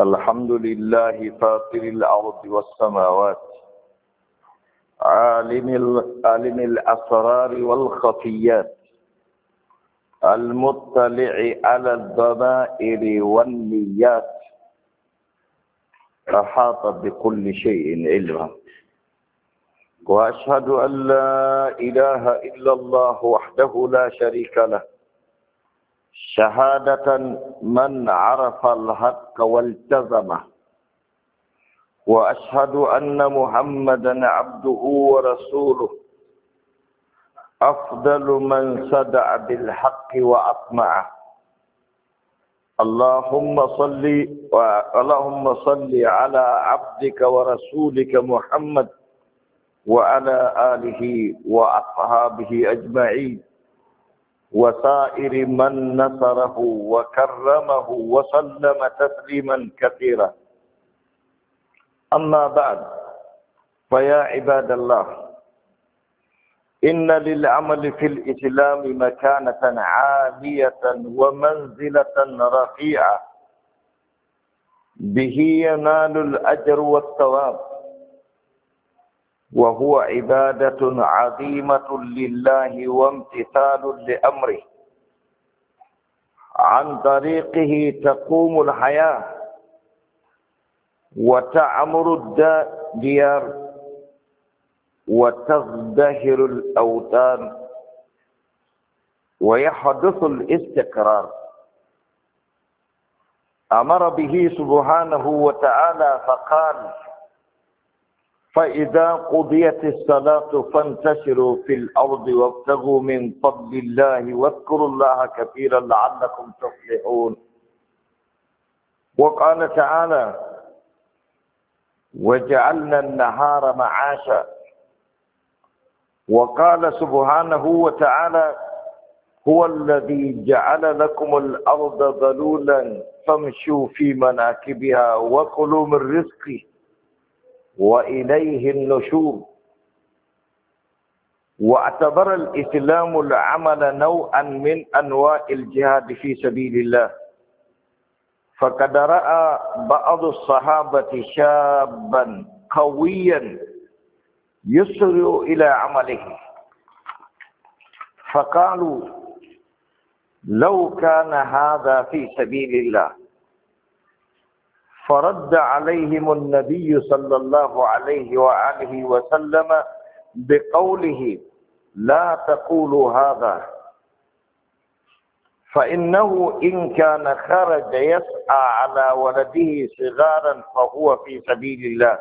الحمد لله فاطر الأرض والسماوات عالم عالم الأسرار والخفيات المطلع على الضمائر والنيات أحاط بكل شيء علما وأشهد أن لا إله إلا الله وحده لا شريك له شهادة من عرف الحق والتزمه وأشهد أن محمدا عبده ورسوله أفضل من صدع بالحق وأطمعه اللهم صل و... اللهم صل على عبدك ورسولك محمد وعلى آله وأصحابه أجمعين وسائر من نصره وكرمه وسلم تسليما كثيرا أما بعد فيا عباد الله إن للعمل في الإسلام مكانة عالية ومنزلة رفيعة به ينال الأجر والثواب وهو عبادة عظيمة لله وامتثال لأمره عن طريقه تقوم الحياة وتعمر الديار وتزدهر الأوطان ويحدث الاستقرار أمر به سبحانه وتعالى فقال فإذا قضيت الصلاة فانتشروا في الأرض وابتغوا من فضل الله واذكروا الله كثيرا لعلكم تفلحون وقال تعالى وجعلنا النهار معاشا وقال سبحانه وتعالى هو الذي جعل لكم الأرض ذلولا فامشوا في مناكبها وكلوا من رزقه وإليه النشور واعتبر الإسلام العمل نوعا من أنواع الجهاد في سبيل الله فقد رأى بعض الصحابة شابا قويا يسرع إلى عمله فقالوا لو كان هذا في سبيل الله فرد عليهم النبي صلى الله عليه وآله وسلم بقوله لا تقولوا هذا فإنه إن كان خرج يسعى على ولده صغارا فهو في سبيل الله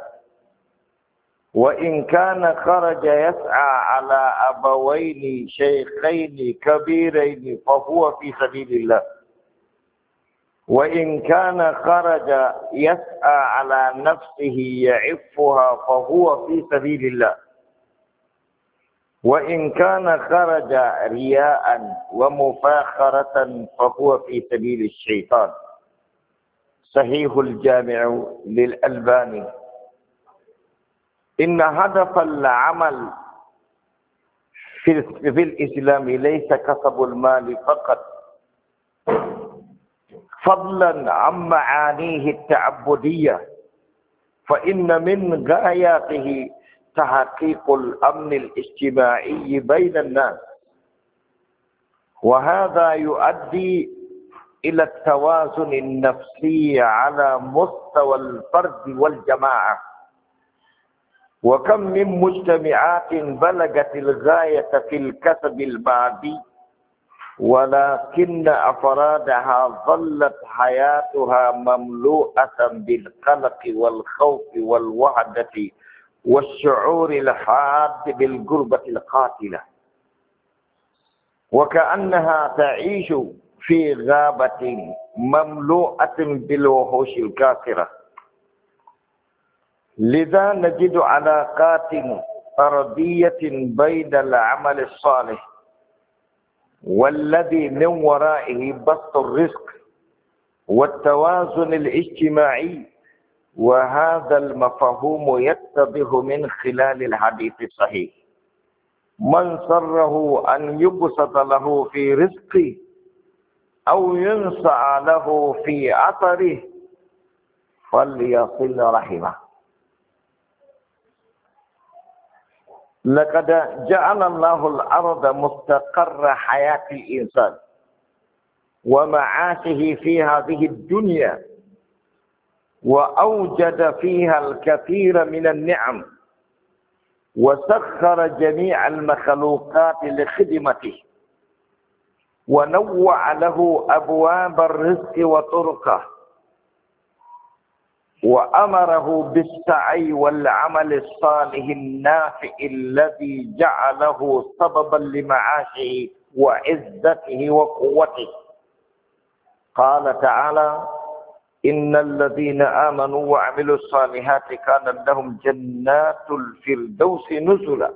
وإن كان خرج يسعى على أبوين شيخين كبيرين فهو في سبيل الله وإن كان خرج يسعى على نفسه يعفها فهو في سبيل الله وإن كان خرج رياء ومفاخرة فهو في سبيل الشيطان صحيح الجامع للألباني إن هدف العمل في الإسلام ليس كسب المال فقط فضلا عن معانيه التعبدية فإن من غاياته تحقيق الأمن الاجتماعي بين الناس وهذا يؤدي إلى التوازن النفسي على مستوى الفرد والجماعة وكم من مجتمعات بلغت الغاية في الكسب المادي ولكن أفرادها ظلت حياتها مملوءة بالقلق والخوف والوحدة والشعور الحاد بالقربة القاتلة وكأنها تعيش في غابة مملوءة بالوحوش الكافرة لذا نجد علاقات أرضية بين العمل الصالح والذي من ورائه بسط الرزق والتوازن الاجتماعي وهذا المفهوم يتضح من خلال الحديث الصحيح من سره أن يبسط له في رزقه أو ينسع له في عطره فليصل رحمه لقد جعل الله الأرض مستقر حياة الإنسان ومعاشه في هذه الدنيا وأوجد فيها الكثير من النعم وسخر جميع المخلوقات لخدمته ونوع له أبواب الرزق وطرقه وأمره بالسعي والعمل الصالح النافع الذي جعله سببا لمعاشه وعزته وقوته قال تعالى إن الذين آمنوا وعملوا الصالحات كانت لهم جنات الفردوس نزلا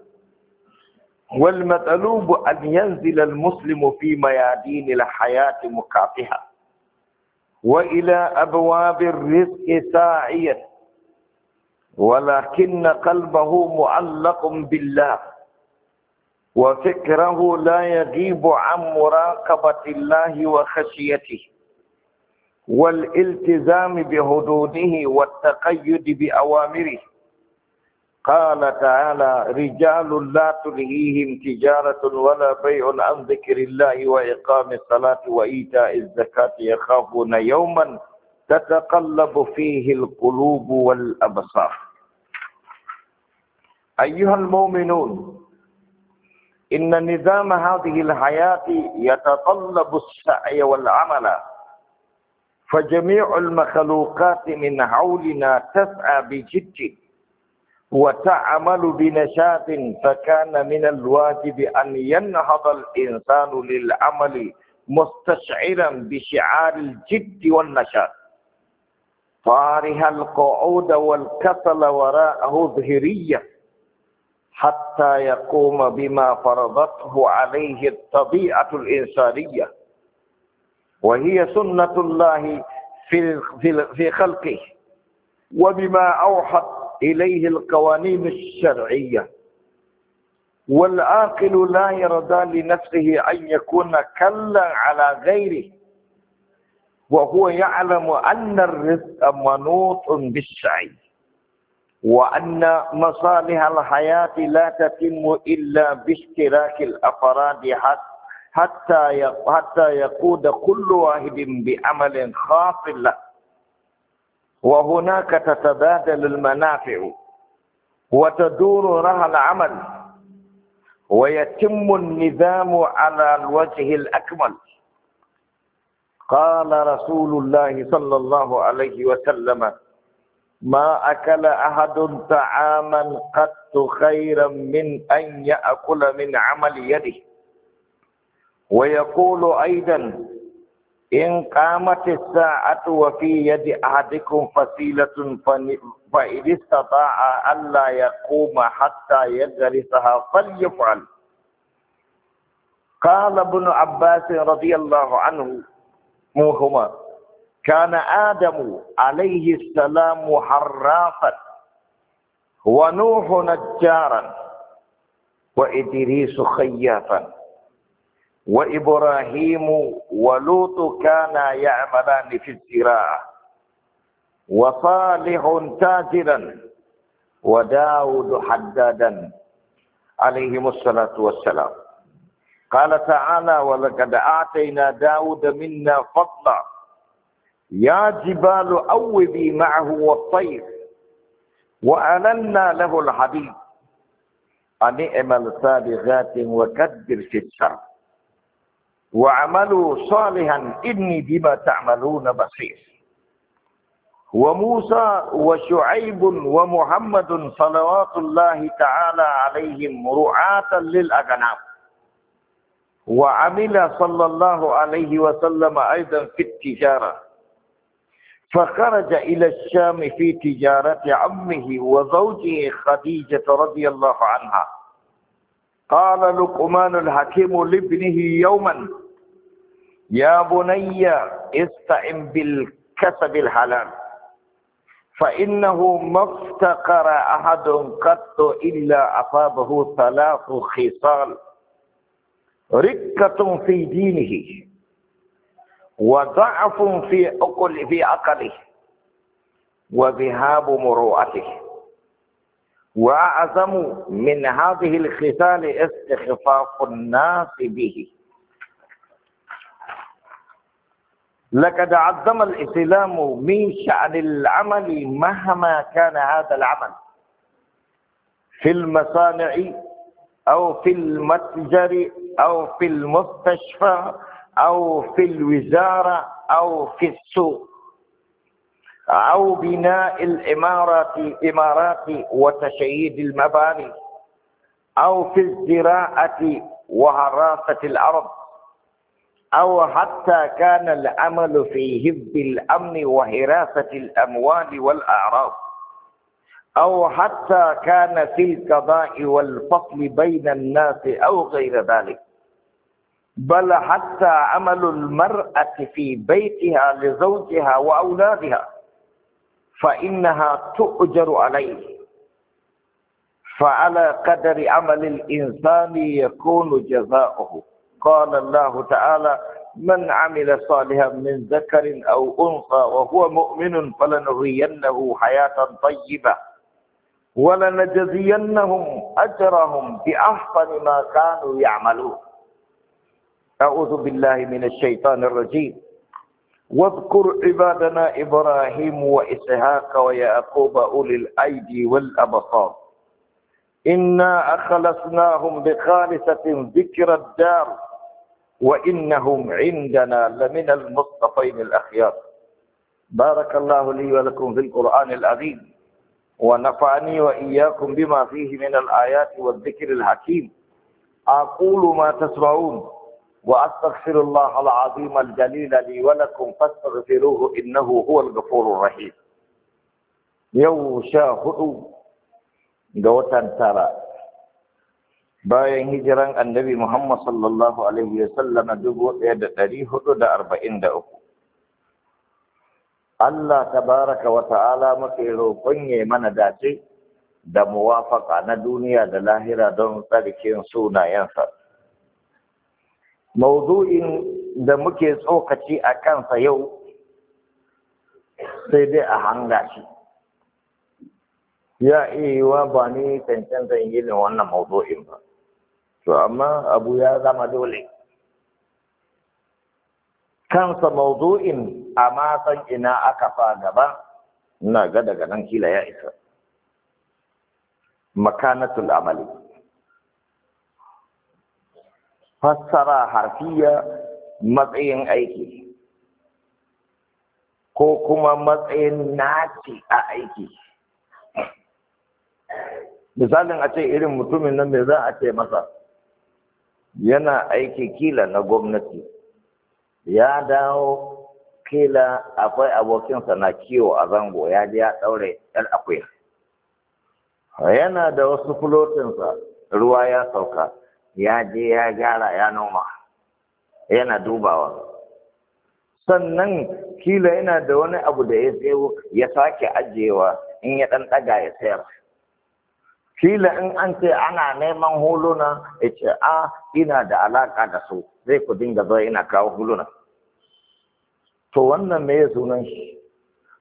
والمطلوب أن ينزل المسلم في ميادين الحياة مكافحة وإلى أبواب الرزق ساعيا ولكن قلبه معلق بالله وفكره لا يغيب عن مراقبة الله وخشيته والالتزام بحدوده والتقيد بأوامره قال تعالى رجال لا تلهيهم تجارة ولا بيع عن ذكر الله وإقام الصلاة وإيتاء الزكاة يخافون يوما تتقلب فيه القلوب والأبصار أيها المؤمنون إن نظام هذه الحياة يتطلب السعي والعمل فجميع المخلوقات من حولنا تسعى بجد وتعمل بنشاط فكان من الواجب أن ينهض الإنسان للعمل مستشعرا بشعار الجد والنشاط فارها القعود والكسل وراءه ظهرية حتى يقوم بما فرضته عليه الطبيعة الإنسانية وهي سنة الله في في خلقه وبما أوحت إليه القوانين الشرعية والعاقل لا يرضى لنفسه أن يكون كلا على غيره وهو يعلم أن الرزق منوط بالسعي وأن مصالح الحياة لا تتم إلا باشتراك الأفراد حتى حتى يقود كل واحد بعمل خاص له وهناك تتبادل المنافع وتدور لها العمل ويتم النظام على الوجه الأكمل قال رسول الله صلى الله عليه وسلم ما أكل أحد طعاما قط خيرا من أن يأكل من عمل يده ويقول أيضا إن قامت الساعة وفي يد أحدكم فسيلة فإن استطاع ألا يقوم حتى يدرسها فليفعل قال ابن عباس رضي الله عنه موهما كان آدم عليه السلام حرافا ونوح نجارا وإدريس خيافا وإبراهيم ولوط كانا يعملان في الزراعة وصالح تاجرا وداود حدادا عليهم الصلاة والسلام قال تعالى ولقد آتينا داود منا فضلا يا جبال أوبي معه والطير وألنا له الحديد أن اعمل سابغات وكدر في السرد وعملوا صالحا إني بما تعملون بصير وموسى وشعيب ومحمد صلوات الله تعالى عليهم رعاة للأغنام وعمل صلى الله عليه وسلم أيضا في التجارة فخرج إلى الشام في تجارة عمه وزوجه خديجة رضي الله عنها قال لقمان الحكيم لابنه يوما يا بني استعن بالكسب الحلال فإنه ما افتقر أحد قط إلا أصابه ثلاث خصال ركة في دينه وضعف في أقل في عقله وذهاب مروءته وأعظم من هذه الخصال استخفاف الناس به لقد عظم الإسلام من شأن العمل مهما كان هذا العمل في المصانع أو في المتجر أو في المستشفى أو في الوزارة أو في السوق أو بناء الإمارة الإمارات وتشييد المباني أو في الزراعة وهراسة الأرض أو حتى كان العمل في هب الأمن وهراسة الأموال والأعراض أو حتى كان في القضاء والفصل بين الناس أو غير ذلك بل حتى عمل المرأة في بيتها لزوجها وأولادها فإنها تؤجر عليه فعلى قدر عمل الإنسان يكون جزاؤه قال الله تعالى من عمل صالحا من ذكر أو أنثى وهو مؤمن فلنغينه حياة طيبة ولنجزينهم أجرهم بأحسن ما كانوا يعملون أعوذ بالله من الشيطان الرجيم واذكر عبادنا إبراهيم وإسحاق ويعقوب أولي الأيدي والأبصار إنا أخلصناهم بخالصة ذكر الدار وإنهم عندنا لمن المصطفين الأخيار بارك الله لي ولكم في القرآن العظيم ونفعني وإياكم بما فيه من الآيات والذكر الحكيم أقول ما تسمعون وأستغفر الله العظيم الجليل لي ولكم فاستغفروه إنه هو الغفور الرحيم yau sha hudu ga watan tara bayan hijiran annabi Muhammad sallallahu Alaihi wasallama dubu ɗaya da ɗari da arba'in da uku. Allah tabaraka wa ta'ala muke roƙon ya mana dace da muwafaka na duniya da lahira don tsarkin sunayensa. mawdu'in da muke tsokaci a kansa yau sai dai a hanga shi ya iya ba ni yi yin wannan mawdu'in ba to amma abu ya zama dole kansa mawdu'in a matan ina aka fa gaba na ga daga nan kila ya isa makanatul amali fassara harfiya matsayin aiki ko kuma matsayin naci a aiki misalin a ce irin mutumin nan mai za a ce masa yana aiki kila na gwamnati ya dawo kila akwai abokinsa na kiwo a zango ya je ya ɗaure ɗan akwai yana da wasu fulotinsa ruwa ya sauka ya je ya gyara ya noma yana dubawa sannan kila yana da wani abu da ya tsewo ya sake ajiyewa in ya ɗan ɗaga ya sayar kila in an ce ana neman huluna ya ce a ina da alaƙa da su zai ku dinga zo ina kawo huluna to wannan me ya sunan shi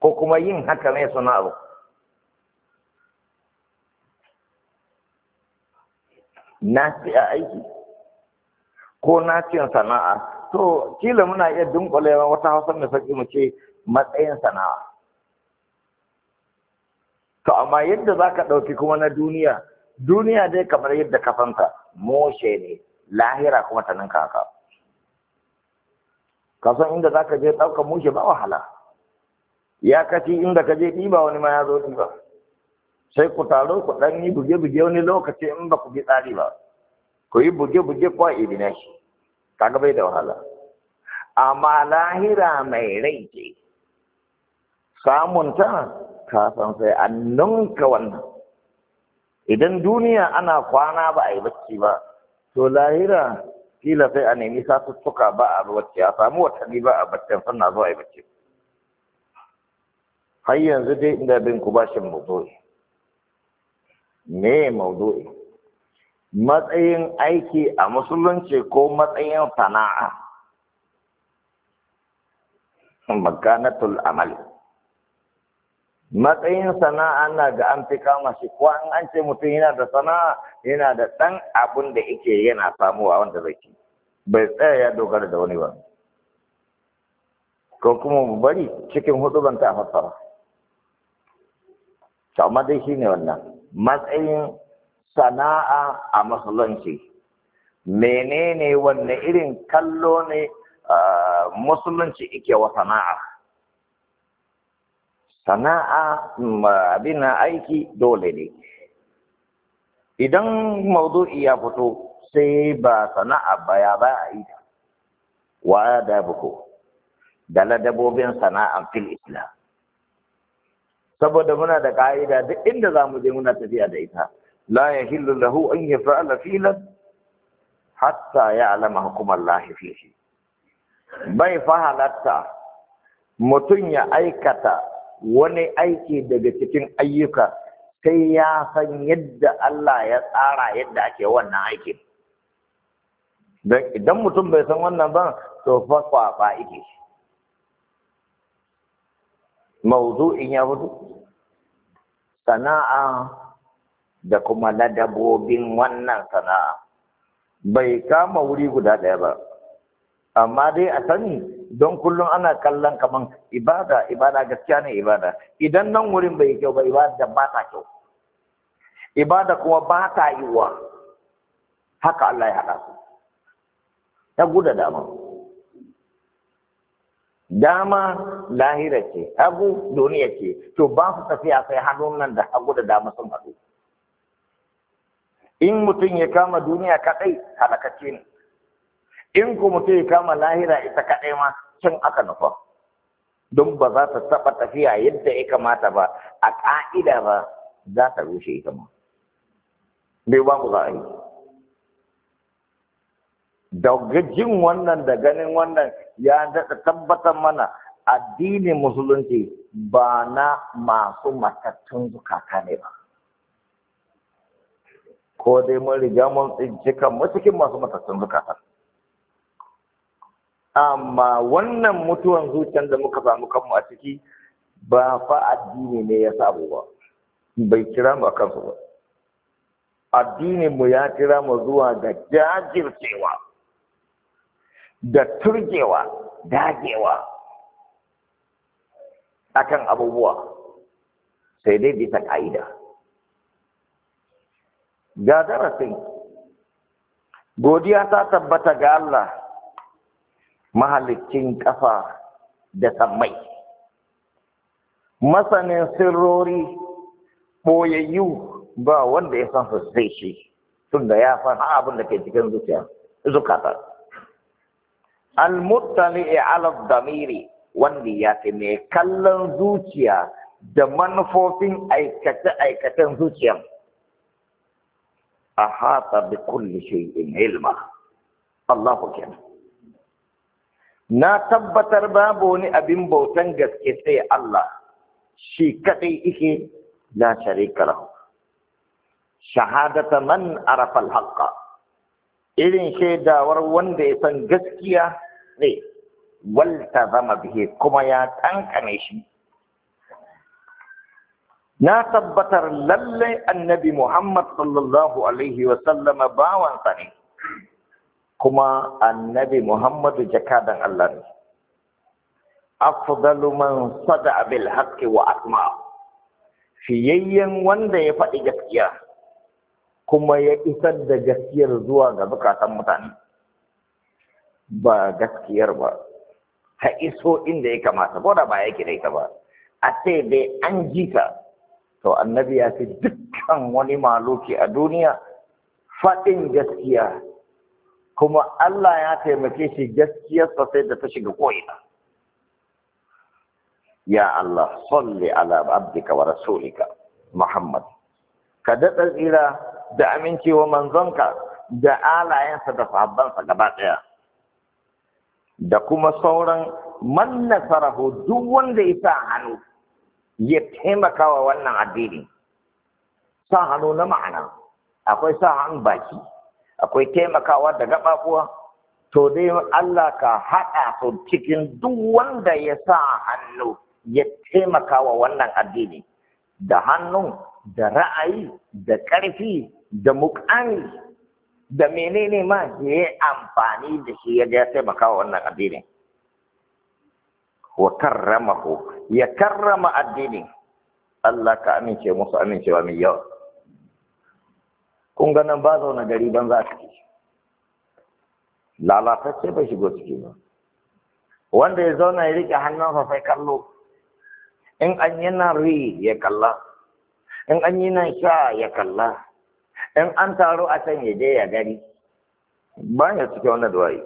ko kuma yin haka ne sunan abu na ce a aiki ko na sana'a to kila muna iya dunkule wata hausa mai sauki mu ce matsayin sana'a to amma yadda za ka ɗauki kuma na duniya duniya dai kamar yadda ka fanta moshe ne lahira kuma ta ninka kaka ka san inda za ka je ɗaukar mushe ba wahala ya kaci inda ka je ɗiba wani ma ya zo ɗiba sai ku taro ku ɗan yi buge-buge wani lokaci in ba ku bi tsari ba ku yi buge-buge kwa idina shi kaga bai da wahala amma lahira mai rai ce samunta ka san sai an nunka wannan idan duniya ana kwana ba a yi bacci ba to lahira kila sai a nemi satuttuka ba a bacci a samu watanni ba a bacci sannan zo yi bacci har yanzu dai inda bin ku bashin mu me maudu'i matsayin aiki a musulunci ko matsayin sana'a maganatul amal matsayin sana'a na ga an fi kama shi ko in an ce mutum yana da sana'a yana da ɗan abun da yake yana samuwa wanda zai ci bai tsaya ya dogara da wani ba ko kuma mu bari cikin hudu ban ta fassara to amma dai shine wannan matsayin sana'a a musulunci menene wanne irin kallo ne musulunci ike wa sana'a sana'a mm, abin aiki dole ne idan maudu'i ya fito sai ba sana'a ba ya ba a yi wa da buko da ladabobin sana'a fil islam saboda muna da ka'ida duk inda za mu je muna tafiya da ita la hillu lahu an ya fa'ala filan hatta ya ya'lama hukumar lahi Bai bai fahalatta mutum ya aikata wani aiki daga cikin ayyuka sai ya san yadda Allah ya tsara yadda ake wannan aiki. don idan mutum bai san wannan ba to fa kwaba yake mawzu'in ya fito sana'a da kuma ladabobin wannan sana'a bai kama wuri guda ɗaya ba amma dai a sani don kullum ana kallon kaman ibada ibada gaskiya ne ibada idan nan wurin bai kyau ba ibada ba ta kyau ibada kuma ba ta yiwa haka Allah ya haɗa su ya guda dama dama lahira ce hagu duniya ce to ba su tafiya sai hannun nan da hagu da dama sun haɗu in mutum ya kama duniya kaɗai halakacce ne in ku mutum ya kama lahira ita kaɗai ma can aka nufa don ba za ta taɓa tafiya yadda ya kamata ba a ƙa'ida ba za ta rushe ita ma bai ba ku za a yi daga jin wannan da ganin wannan ya daɗa tabbatar mana addinin musulunci ba na masu matattun zukata ne ba ko dai mun riga mun tsinci kan cikin masu matattun zukata amma wannan mutuwan zuciyar da muka samu kanmu a ciki ba fa addini ne ya samu ba bai kira mu a kansu ba addinin mu ya kira mu zuwa ga jajircewa da turgewa dagewa akan abubuwa sai dai bisa ka'ida ga darasin godiya ta tabbata ga Allah mahalicin ƙafa da tsammai masanin sirrori ɓoyayyu ba wanda ya san su zai shi tun da ya san abin da ke cikin zuciya zukatar al-muttali'i ala damiri wanda ya ce mai kallon zuciya da manufofin aikace-aikacen zuciyar a hata bi kulli shay'in ilma na tabbatar babu wani abin bautan gaske sai Allah shi kadai yake na sharika shahadata man arafa al irin shaidawar wanda ya san gaskiya ne walta zama bihe kuma ya tankame shi na tabbatar lallai annabi Muhammad sallallahu Alaihi wasallama bawansa ne, kuma annabi Muhammadu jakadan Allah ne. Afdalu man sada bil haqqi wa asma fiyayyen wanda ya faɗi gaskiya kuma ya isar da gaskiyar zuwa ga zukatan mutane. ba gaskiyar ba ka iso inda ya kamata ko da ba yake da ita ba a ce dai an ji ka to annabi ya fi dukkan wani maluki a duniya faɗin gaskiya kuma Allah ya taimake shi gaskiyarsa sai da ta shiga ko'ina ya Allah salli ala abdika wa rasulika Muhammad ka daɗa tsira da amincewa manzonka da alayensa da sahabbansa gaba ɗaya da kuma sauran man nasarahu duk wanda ya sa hannu ya taimaka wa wannan addini sa hannu na ma'ana akwai sa hannu baki akwai taimakawa da gaɓaɓuwa to dai Allah ka haɗa su cikin duk wanda ya sa hannu ya taimaka wa wannan addini da hannun da ra'ayi da ƙarfi da muƙami da menene ma ya yi amfani da shi ya ga taimaka wa wannan addinin wa karramahu ya karrama addinin Allah ka amince musu amincewa mai yawa kun ganin ba zauna gari ban za ka ta lalatacce bai shigo ciki ba wanda ya zauna ya rike hannunsa sai kallo in an yi nan ri ya kalla in an yi na sha ya kalla in an taro a can ya je ya gani baya ciki wannan du'a'i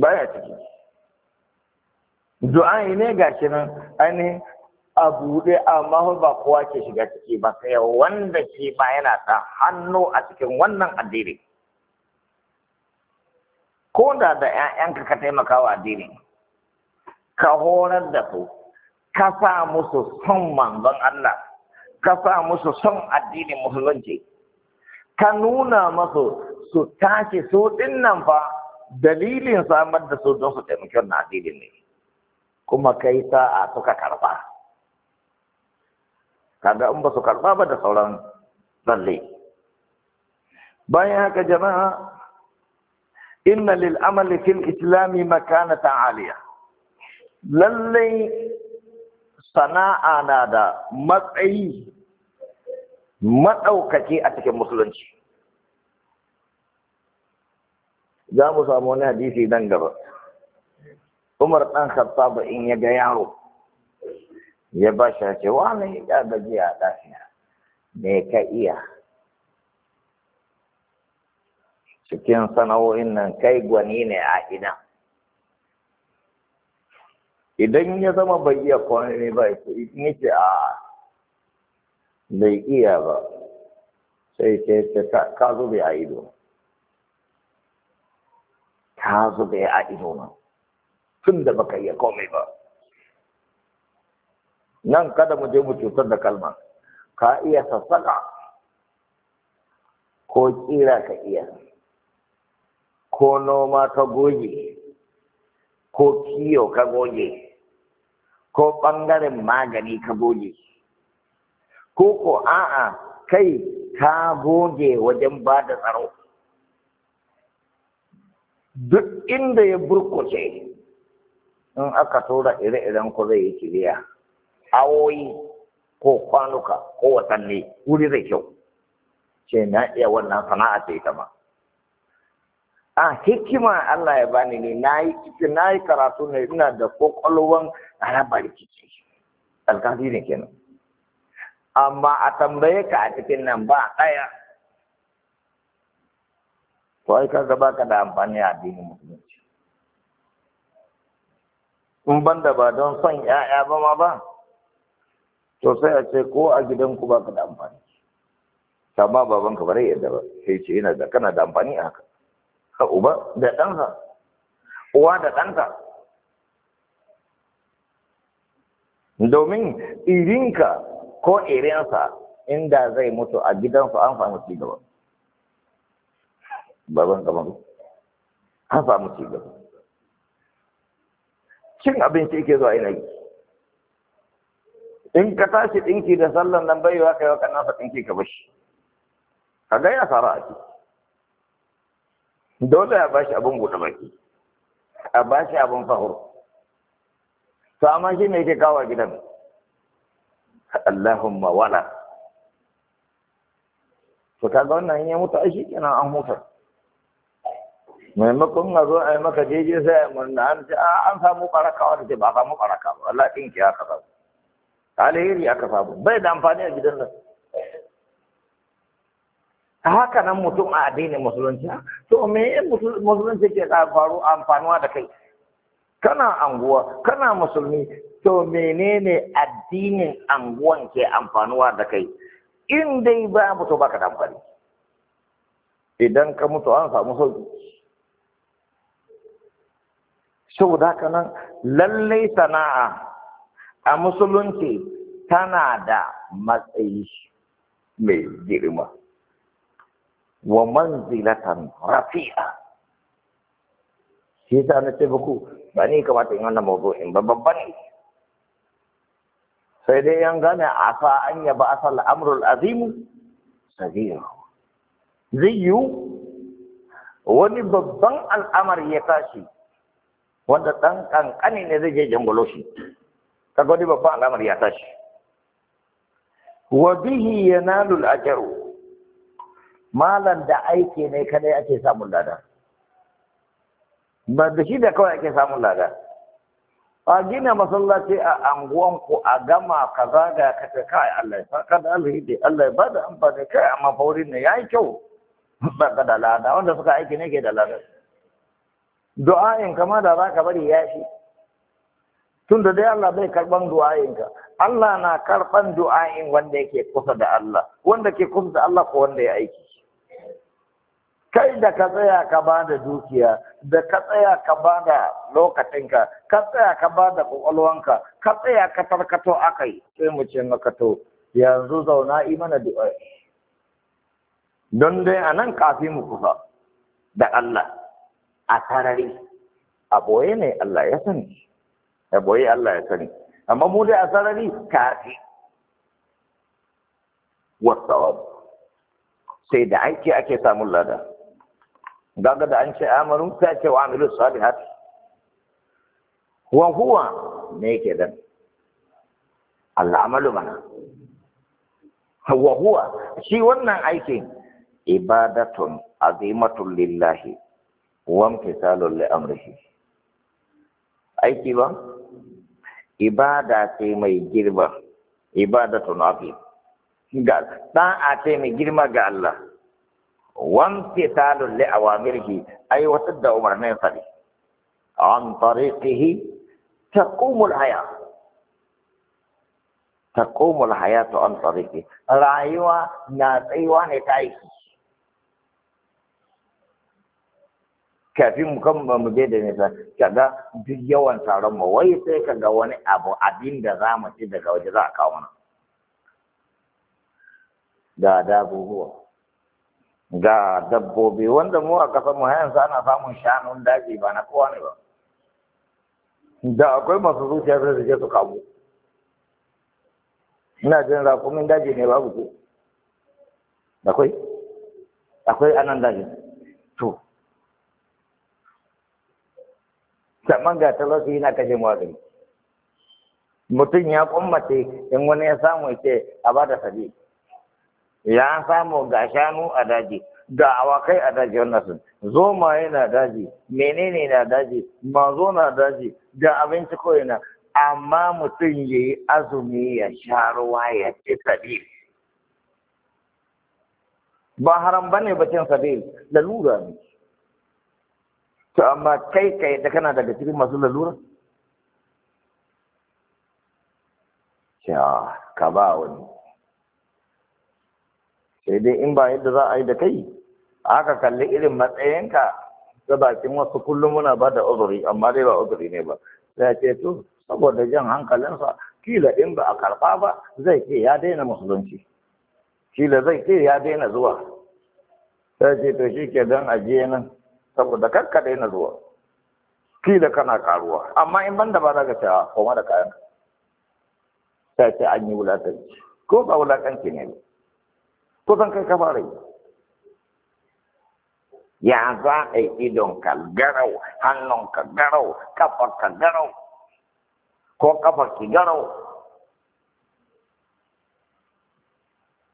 baya ciki du'a'i ne ga shi nan ainihin a buɗe amma ba kowa ke shiga ciki ba sai wanda shi ba yana ta hannu a cikin wannan addini ko da da 'ya'yanka ka taimaka wa addini ka horar da su ka sa musu son manzon Allah ka sa musu son addinin musulunci ka nuna masu su tashi su nan fa dalilin samar da su don su taimaki wannan addinin ne kuma kai sa'a suka karba kaga in ba su karba ba da sauran tsalle bayan haka jama'a inna lil amali fil islami makanata aliya lallai sana'a na da matsayi maɗaukaki a cikin musulunci za mu samu wani hadisi nan gaba umar ɗan khattab in ya ga yaro ya ba shi ce wani ya gaji a ɗafiya me ka iya cikin sana'o'in nan kai gwani ne a idan. idan ya zama bai iya kwanani ba in yake a bai iya ba sai ce ka zo bai a ido ka bai a ido na tun da baka iya komai ba nan kada mu je mu cutar da kalma ka iya sassaka ko tsira ka iya ko noma ka goge ko kiyo ka goge ko ɓangaren magani ka goge ko ko a'a kai ka goge wajen ba da tsaro duk inda ya burkuce in aka tura ire-iren ku zai yi kiriya awoyi ko kwanuka ko watanni wuri da kyau ce na iya wannan sana'a ce ita ma a hikima Allah ya bani ne na yi karatu ne ina da kwakwalwan raba rikici ne kenan amma a tambaye ka a cikin nan ba ɗaya to ai kaga baka da amfani a addinin musulunci in banda ba don son ƴaƴa ba ma ba to sai a ce ko a gidanku baka da amfani amma baban ka bare yadda ba sai ce yana da kana da amfani a haka uba da ɗansa uwa da ɗanka domin irinka ko irinsa inda zai mutu a gidansu an samu cigaba baban gaban an samu cigaba cin abinci yake zuwa ina yi in ka tashi ɗinki da sallan nan bai wa kai kan nasa ɗinki ka bashi ka ga ya fara a ciki dole a bashi abin buɗe baki a bashi abin fahur to amma shi ne yake kawo gidan Allahumma wala to kaga wannan ya mutu ai shi an huta maimakon a zo a yi maka jeje sai a murna an ce an samu baraka wanda ce ba samu baraka ba Allah din ki aka samu alheri aka samu bai da amfani a gidan nan haka nan mutum a addinin musulunci to me musulunci ke faru amfanuwa da kai kana anguwa kana musulmi to menene addinin anguwan ke amfanuwa da kai in dai ba mutu baka da idan ka mutu an samu sauki saboda haka nan lallai sana'a a musulunci tana da matsayi mai girma wa manzilatan rafi'a shi ta na ce ba ni kamata in wannan mawdu'in babban ne sai dai yan gane asa an ya ba asal amrul azim sabir zai wani babban al'amari ya tashi wanda ɗan ƙanƙani ne zai je jangolo shi kaga wani babban al'amari ya tashi wa bihi yanalu al malan da aiki ne kadai ake samun lada ba da shi da kawai ake samun lada a gina masallaci a anguwanku a gama ka zaga ka ce kai Allah ya saka da alhidi Allah ya bada amfani kai amma faurin ne yayi kyau ba ka da lada wanda suka aiki ne ke da lada du'a'in kama da za ka bari ya shi da dai Allah bai karban du'a'inka Allah na karban du'a'in wanda yake kusa da Allah wanda ke kusa da Allah ko wanda ya aiki kai da ka tsaya ka ba da dukiya da ka tsaya ka ba da lokacinka ka tsaya ka ba da kwakwalwanka, ka tsaya ka tarkato aka yi sai mu ce maka to yanzu zauna imana da don dai a nan kafi mu kusa da Allah a sarari a boye ne Allah ya sani a boye Allah ya sani amma mu dai a sarari kafi wasu sai da aiki ake samun lada. gaga da an ce amaru ta ce wa amilu salihat wa huwa me yake dan amalu mana huwa huwa shi wannan aikin ibadatun azimatun lillahi wa imtisalun li amrihi aiki ba ibada ce mai girma ibadatun azim ga da'a ce mai girma ga Allah وامتثال لأوامره أي وتد أمر نيطلي عن طريقه تقوم الحياة تقوم الحياة عن طريقه رأيوا ناسيوا تعيش كافي مكم مجيدة نتا كذا بيجوا انسارم ويسي كذا واني أبو أدين دغامة تدغو جزاكا ونا دا دا بوهوه ga dabbobi wanda mu a ƙasar mu yanzu ana samun shanun daji ba na kowa ne ba da akwai masu zuciya sai su je su kamu ina jin rakumin daji ne babu ko akwai akwai anan daji to saman ga talauci yana kashe mu mutum ya kummace in wani ya samu ya a ba da sadiq ya samu ga shanu a daji ga awakai a daji wannan sun ma yana daji menene na daji ma zo na daji ga abinci ko yana amma mutum ya yi azumi ya sha ruwa ya ci sabil ba haram ba ne bacin sabil lalura ne to amma kai kai da kana daga cikin masu lalura ka ba wani sai dai in ba yadda za a yi da kai aka kalli irin matsayinka ta bakin wasu kullum muna ba da uzuri amma dai ba uzuri ne ba sai ce to saboda jan hankalinsa kila in ba a karɓa ba zai ce ya daina musulunci kila zai ce ya daina zuwa sai ce to shi ke don ajiye nan saboda karka daina zuwa kila kana karuwa amma in banda ba za ka cewa koma da kayan sai ce an yi wulakanci ko ba wulakanci ne ba kusan kai ka fara yi ya za a yi idonka garau hannunka garau kafarka garau ko kafarki garau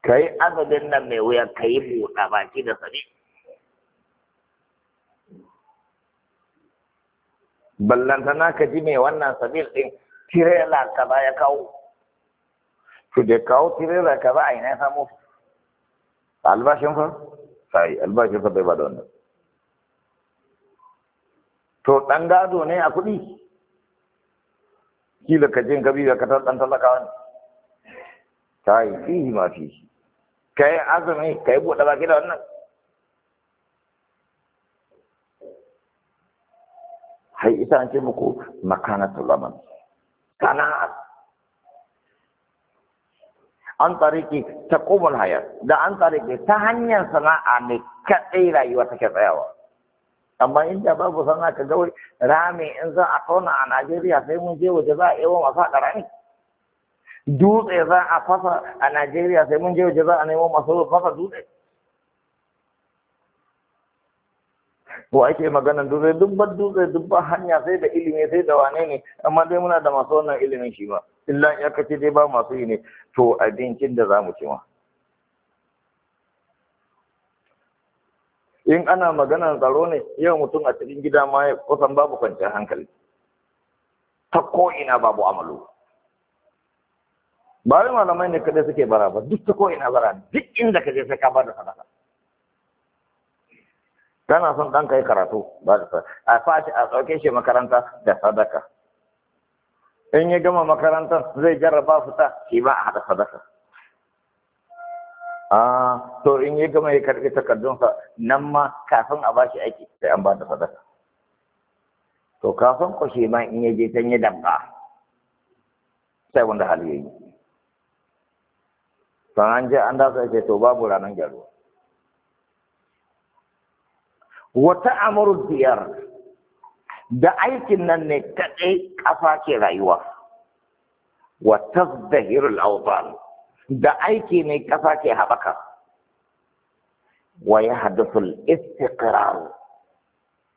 ka yi azabin nan mai wuya ka yi buɗa baki da sani ballantana ka ji mai wannan sabir ɗin tirela kaza ya kawo su da kawo tirela kaza a ina samu albashin fa sai albashin fa bai ba da wannan to dan gado ne a kuɗi kila ka jin gabi ka tar dan talaka ne sai fihi ma fihi kai azumi kai buɗe baki da wannan hai ita an ce muku makana aman kana an tsarike ta kumul hayar da an ta hanyar sana'a ne kaɗai rayuwa take tsayawa amma inda babu sana'a ka ga rami in za a kauna a najeriya sai mun je waje za a yi wa masu haɗa rami dutse za a fasa a najeriya sai mun je waje za a nemo masu fasa dutse ko ake magana dutse duk ba dutse duk ba hanya sai da ilimi sai da wane ne amma dai muna da masu wannan ilimin shi ma illa ya kace dai ba masu yi ne to abincin da zamu ci ma in ana magana tsaro ne yau mutum a cikin gida ma kusan babu kwanciyar hankali ta ko ina babu amalu ba wai malamai ne kadai suke bara ba duk ta ko ina bara duk inda ka je sai ka bada sadaka kana son ɗanka yi karatu ba da a fashi a ɗauke shi makaranta da sadaka in ya gama makaranta zai jarraba fita shi ba a haɗa sadaka a to in ya gama ya karɓi takardunsa nan ma kafin a bashi aiki sai an ba da sadaka to kafin ku shi ma in ya je can ya damɓa sai wanda hali ya yi to an je an dasa ce to babu ranar gyaruwa wata amuru biyar da aikin nan ne kaɗai ƙafa ke rayuwa wa tazdahirul awtan da aiki ne ƙafa ke haɓaka wa yahdathu istiqrar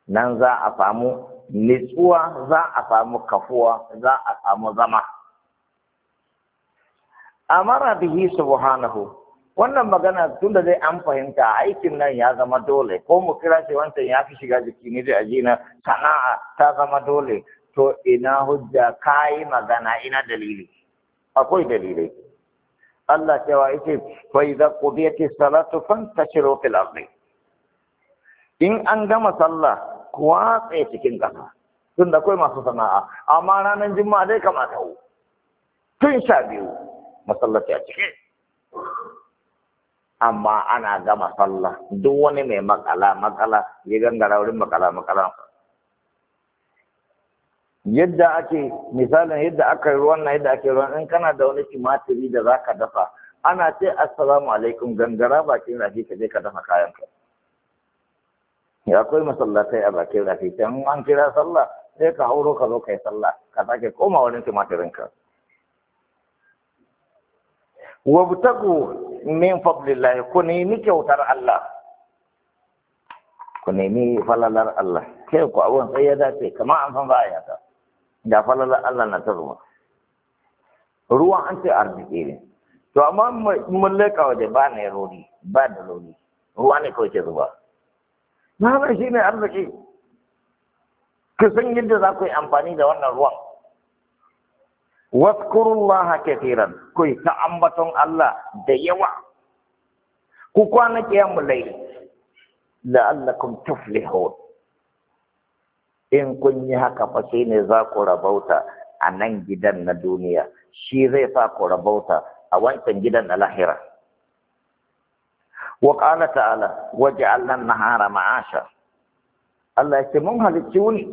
nan za a samu nitsuwa za a samu kafuwa za a samu zama amara bihi subhanahu wannan magana tun da zai an fahimta aikin nan ya zama dole ko mu kira shi wancan ya fi shiga jiki ne da ajina sana'a ta zama dole to ina hujja kayi magana ina dalili akwai dalilai Allah cewa yake fa idza qudiyati salatu fantashiru fil ardi in an gama sallah ku watsa cikin kasa tun da akwai masu sana'a amma ranar juma'a dai kamata tun sha biyu masallaci a cike amma ana gama sallah duk wani mai makala makala ya gangara wurin makala makala yadda ake misalin yadda aka yi ruwan na yadda ake ruwan in kana da wani timatiri da za ka dafa ana ce assalamu alaikum gangara bakin rafi ka je ka dafa kayan ka ya akwai masallatai a bakin rafi can an kira sallah sai ka hauro ka zo ka yi sallah ka sake koma wurin timatirin ka wabtaku min fadlillahi ne ni kyautar Allah Ko ne ni falalar Allah ke ku abun sai ya dace kamar an san baya ta da falalar Allah na ta ruwa ruwa an ce arziki ne to amma mun leka waje ba ne rodi ba da rodi ruwa ne kawai ke zuba na shi ne arziki Ki san yadda za ku yi amfani da wannan ruwan waskurullaha kathiran ku ta ambaton Allah da yawa ku kwana qiyamul layl la'allakum tuflihun in kun yi haka fa ne za ku rabauta a nan gidan na duniya shi zai sa ku rabauta a wancan gidan na lahira wa qala ta'ala waj'alna an-nahara ma'asha Allah ya ce mun halicci wuni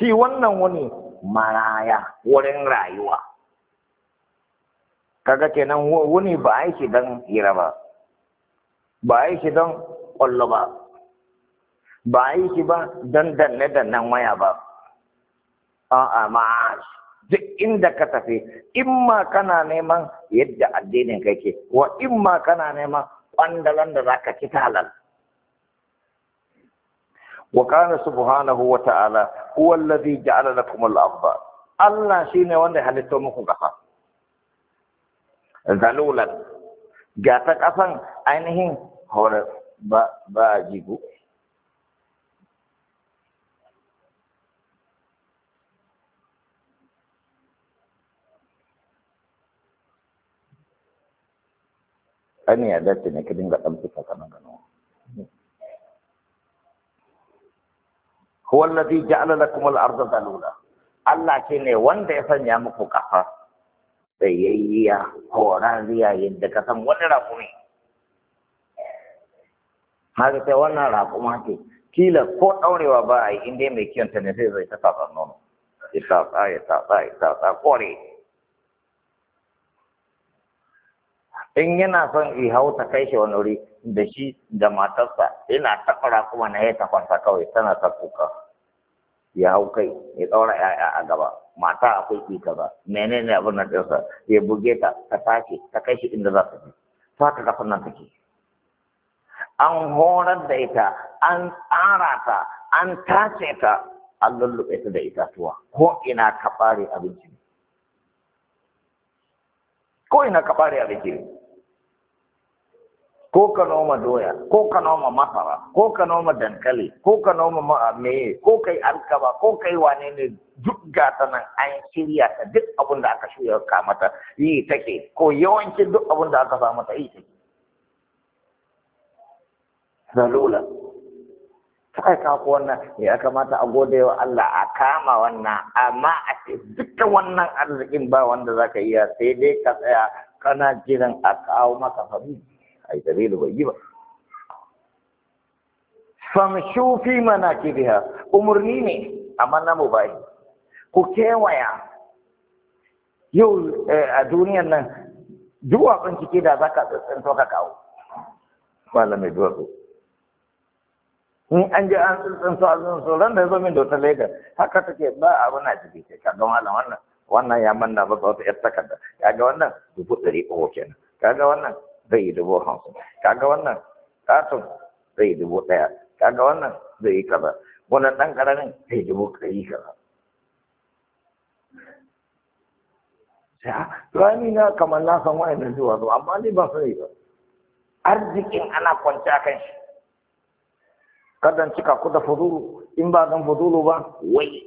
shi wannan wuni maraya wurin rayuwa kaga kenan wuni ba a yi shi don hira ba ba a yi shi don ƙwallo ba ba a yi shi ba don danne-dannen waya ba a'a ma'ashi duk inda ka tafi in ma kana neman yadda addinin kake wa ma kana neman ƙwandalan da za ka ci halal وكان سبحانه وتعالى هو الذي جعل لكم الأرض الله شيني وانا حلتو مكو كفا ذلولا جاتك أفن أينه هو با با أني أدتني يا ذاتي قد كما كانوا huwa alladhi ja'ala lakum al-ardha dalula Allah ke ne wanda ya sanya muku kafa tsayayya horariya yadda ka san wani raƙumi haka sai wannan raƙuma ce kila ko ɗaurewa ba a yi inda mai kiyon ne sai zai ta saɓa nono ya saɓa ya saɓa ya saɓa kore in yana son i hau ta kai shi wani wuri da shi da matarsa yana takwara kuma na ya tafasa kawai tana ta kuka ya hau kai ya ɗaura ‘ya'ya a gaba mata akwai ita ba menene abin na ɗinsa ya buge ta ta tashi ta kai shi inda za ta je ta ta kafin nan take an horar da ita an tsara ta an tace ta an lullube ta da itatuwa ko ina ka ɓare abinci ko ina ka ɓare abinci ko ka noma doya ko ka noma masara ko ka noma dankali ko ka noma meye ko kai alkaba ko kai wane ne duk gata nan an shirya ta duk abin da aka shirya ka mata yi take ko yawancin duk abin da aka sa mata yi take salula kai ka ko wannan ya kamata a gode wa Allah a kama wannan amma a ce duka wannan arzikin ba wanda zaka iya sai dai ka tsaya kana jiran a kawo maka fami ai dalilu bai yi ba famshu fi manakibiha umurni ne amma na bai. ku kewaya yau eh, a duniyan nan duwatsun cike da zaka to ka kawo malamai duwatsu in an je an to a so, ran da zamin min da ta lega haka take ba abu a ciki ka ga malam wannan wannan ya manna ba ba ta takarda ya ga wannan dubu ɗari ko kenan ka ga wannan zai yi dubu hamsin ga wannan katon zai yi dubu ɗaya ga wannan zai yi kaza wannan ɗan ƙaramin zai dubu ɗari kaza sai a ah, to ai na kamar na san na zuwa zuwa amma ni su sani ba arzikin ana kwanta a kan shi kadan cika ku da fudulu in ba dan fudulu ba wai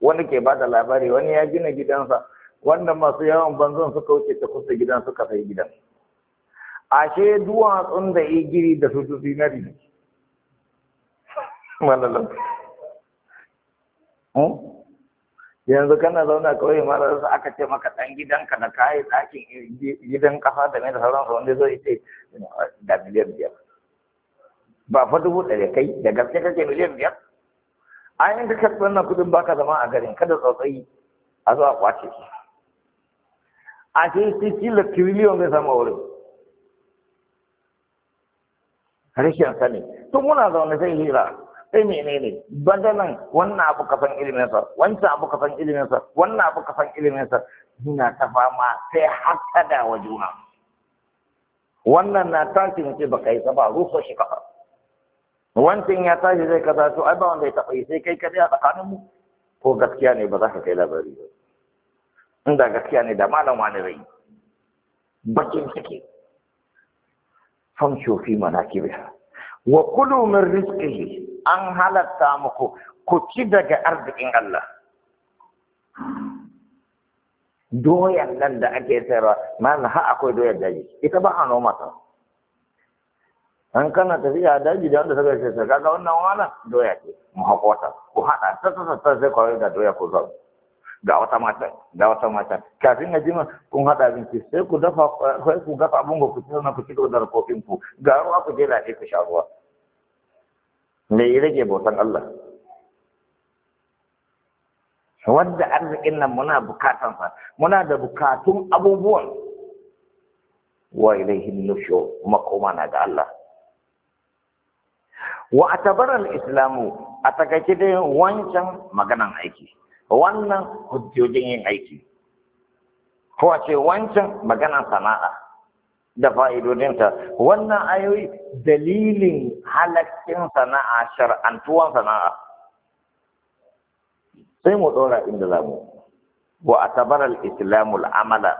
wani ke ba da labari wani ya gina gidansa wannan masu yawon banzan suka wuce ta kusa gidan suka sai gidan ashe duwatsun da igiri da su su zinari ne malalar yanzu kana zauna kawai su aka ce maka gidan gidanka na kayi ɗakin gidan ƙasa da mai da sauransu wanda zai ce da miliyan biyar ba fa dubu ɗaya kai da gaske kake miliyan biyar An yi ka karɓi wannan kuɗin baka zama a garin kada tsautsayi a zuwa kwace a ce cikin kila tiriliyon zai sama wurin rashin sani tun muna zaune sai hira sai menene badalan wannan abu ka san ilimin sa wancan abu ka san ilimin sa wannan abu ka san ilimin sa muna ta fama sai hasada wa juna wannan na tashi mutum baka yi ba rufe shi kafa wancan ya tashi zai kaza to ai ba wanda ya taɓa yi sai kai kadai a tsakanin mu ko gaskiya ne ba za ka kai labari ba inda gaskiya ne da malam wani rai bakin ciki famshu fi manakibiha wa kulu min rizqihi an halatta muku ku ci daga arzikin Allah Doya nan da ake sayarwa man ha akwai doyar daji ita ba a noma ta an kana tafiya daji da wanda suka ce kaga wannan wala, doya ce mu hakota ku haɗa ta ta ta sai kawai da doya ku zo ga wata mata ga wata mata kafin a jima kun haɗa abinci sai ku dafa sai ku gafa abin ku ci na ku ci da rafofin ku ga ruwa ku je da lafiya ku sha ruwa me ya rage bautan Allah wanda arzikin nan muna bukatan sa muna da bukatun abubuwan wa ilaihin nushu makoma na ga Allah wa al islamu a takaice dai wancan maganan aiki wannan hujjojin yin aiki ko a ce wancan magana sana'a da fa'idodinta wannan ayoyi dalilin halakkin sana'a shar'antuwan sana'a sai mu ɗora inda za mu wa a tabarar islamul amala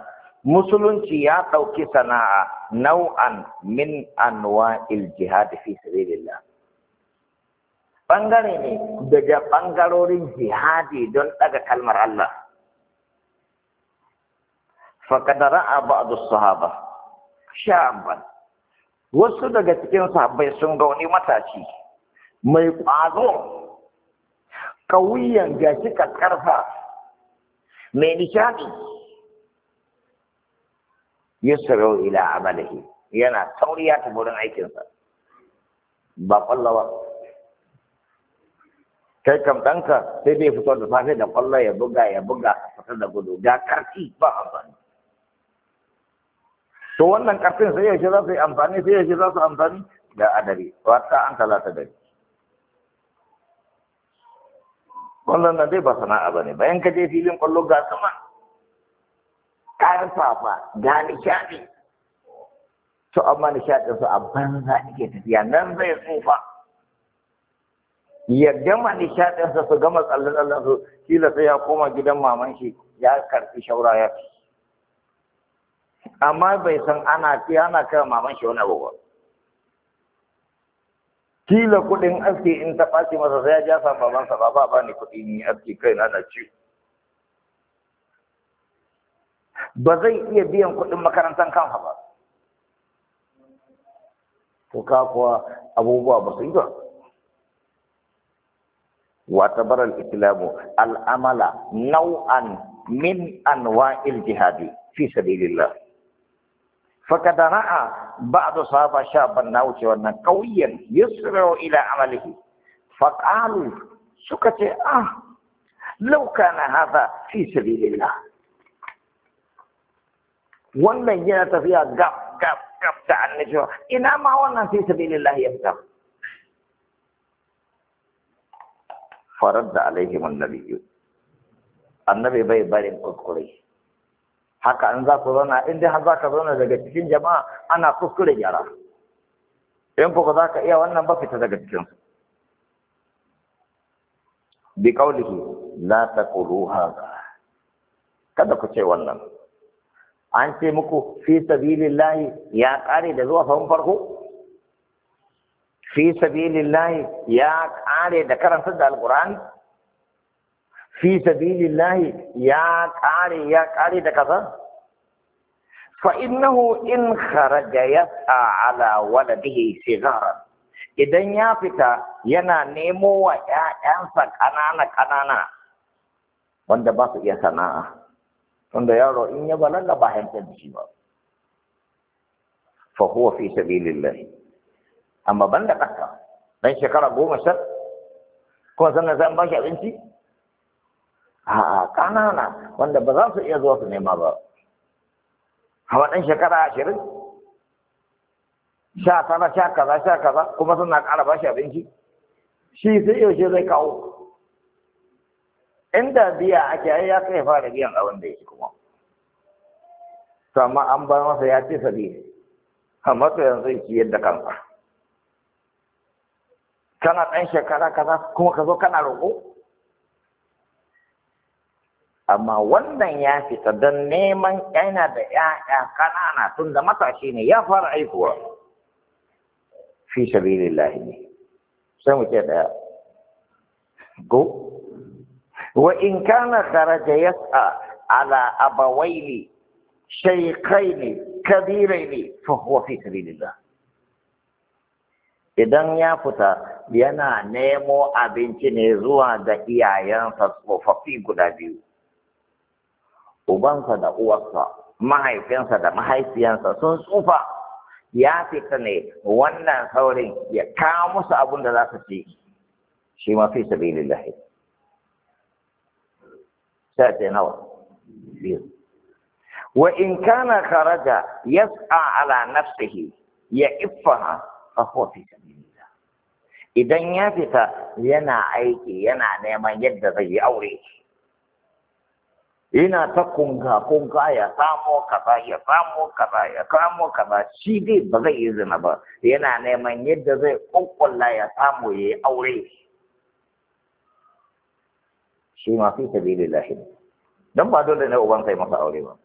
musulunci ya ɗauki sana'a nau'an min anwa'il jihad fi sabilillah bangare ne daga ɓangarorin jihadi don ɗaga kalmar Allah faqad ra'a a as-sahaba shaban wasu daga cikin sahabbai sun ga wani matashi mai ƙwazo kawiyan gashi kika karfa mai nishadi yusra ila amalihi yana tauriya ta wurin aikinsa ba kwallawa kai kam danka sai dai ya fito da safe da kwallo ya buga ya buga a fitar da gudu ga karfi ba amfani to wannan karfin sai yaushe za su yi amfani sai yaushe za su amfani da adari wata an talata dare wannan nan dai ba sana'a ba ne bayan ka je filin kwallo ga sama karfafa ga nishaɗi to amma nishaɗin su a banza ake tafiya nan zai tsufa yadda ma nishaɗinsa su gama tsalle-tsallen su kila sai ya koma gidan maman shi ya karfi shaura ya fi amma bai san ana fi ana kai maman shi wani abubuwa kila kuɗin aski in ta fashe masa sai ya ja sa mamansa ba ba ba ni kuɗi ni aski kai na na ci ba zai iya biyan kuɗin makarantar kansa ba to ka kuwa abubuwa ba su yi ba واعتبر الإسلام العمل نوعا من أنواع الجهاد في سبيل الله فقد رأى بعض صحابة شابا ناوتي وانا قويا يسرع إلى عمله فقالوا سكت آه لو كان هذا في سبيل الله wannan yana tafiya gab gab gab da annabi ina ma wannan fi sabilillah ya fita farar da alaihim annabi annabi bai barin kuskure haka an za ku zauna in har za ka zauna daga cikin jama'a ana kuskure gyara in ku za ka iya wannan ba fita daga cikin su bi kaulihi la taqulu hadha kada ku ce wannan an ce muku fi sabilillahi ya kare da zuwa farko fi sabilillahi ya ƙare da karanta da Alquran? fi sabilillahi ya kare ya ƙare da kaza fa innahu in kharaja yas'a ala waladihi sigaran idan ya fita yana nemo wa ƴaƴansa ƙanana ƙanana. wanda ba su iya sana'a wanda yaro in ya balaga ba hankali shi ba fa huwa fi sabilillahi amma ban da ƙasa ɗan shekara goma sha kuma sannan sai an ba shi abinci a'a ƙanana wanda ba za su iya zuwa su nema ba hawa ɗan shekara ashirin sha tara sha kaza sha kaza kuma suna ƙara ba shi abinci shi sai yaushe zai kawo inda biya ake ai ya kai fara biyan a wanda yake kuma to amma an bar masa ya ce sabi amma to yanzu ki yadda kansa. kana ɗan shekara kaza kuma ka zo kana roƙo amma wannan ya fita don neman yana da ‘ya'ya ƙanana tun da matashi ne ya fara aikuwa fi sabilillahi ne sai mu ce ɗaya go wa in kana kharaja yas'a ala abawaini shaykhaini ne, fa huwa fi sabilillah idan ya fita yana nemo abinci ne zuwa ga iyayensa tsofaffi guda biyu ubansa da uwarsa mahaifinsa da mahaifiyansa sun tsufa ya fita ne wannan saurin ya kawo musu abin da za su ci shi ma fi sabilillahi sai nawa biyu wa in kana kharaja yas'a ala nafsihi ya iffaha fahuwa fi sabilillah idan ya fita yana aiki yana neman yadda zai yi aure yana ta kunga kunga ya samo kaza ya samo kaza ya samo kaza shi dai ba zai yi zina ba yana neman yadda zai kunkulla ya samu ya yi aure shi ma fi sabilillah don ba dole ne uban kai masa aure ba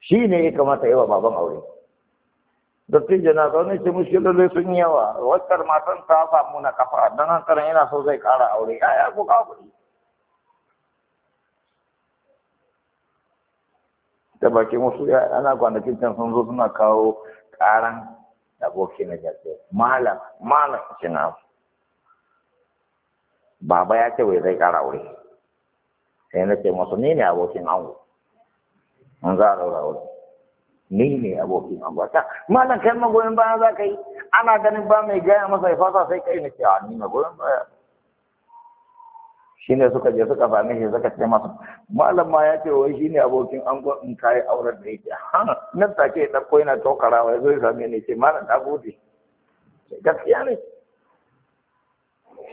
shi ne ya kamata yawa baban aure dattijo na zaune ce mushkilolin sun yi yawa wakar matan ta samu na kafa don hankalin yana so zai kara aure yaya ko kawo kuɗi da bakin wasu ana kwanakin can sun zo suna kawo karan aboki na jaje malam malam kina baba ya ce wai zai kara aure sai na ce masu ni ne abokin ango mun za a daura aure ni ne abokin ambata malam kai magoyin baya za ka yi ana ganin ba mai gaya masa ya fasa sai kai ne ce a ah, ni magoyin baya shine ne suka je suka same shi suka ce masa malam ma ya ce wai shine abokin angon in kai auren da yake ha nan take da ɗauko na tokara wai zai ya same ni ce malam da gode gaskiya ne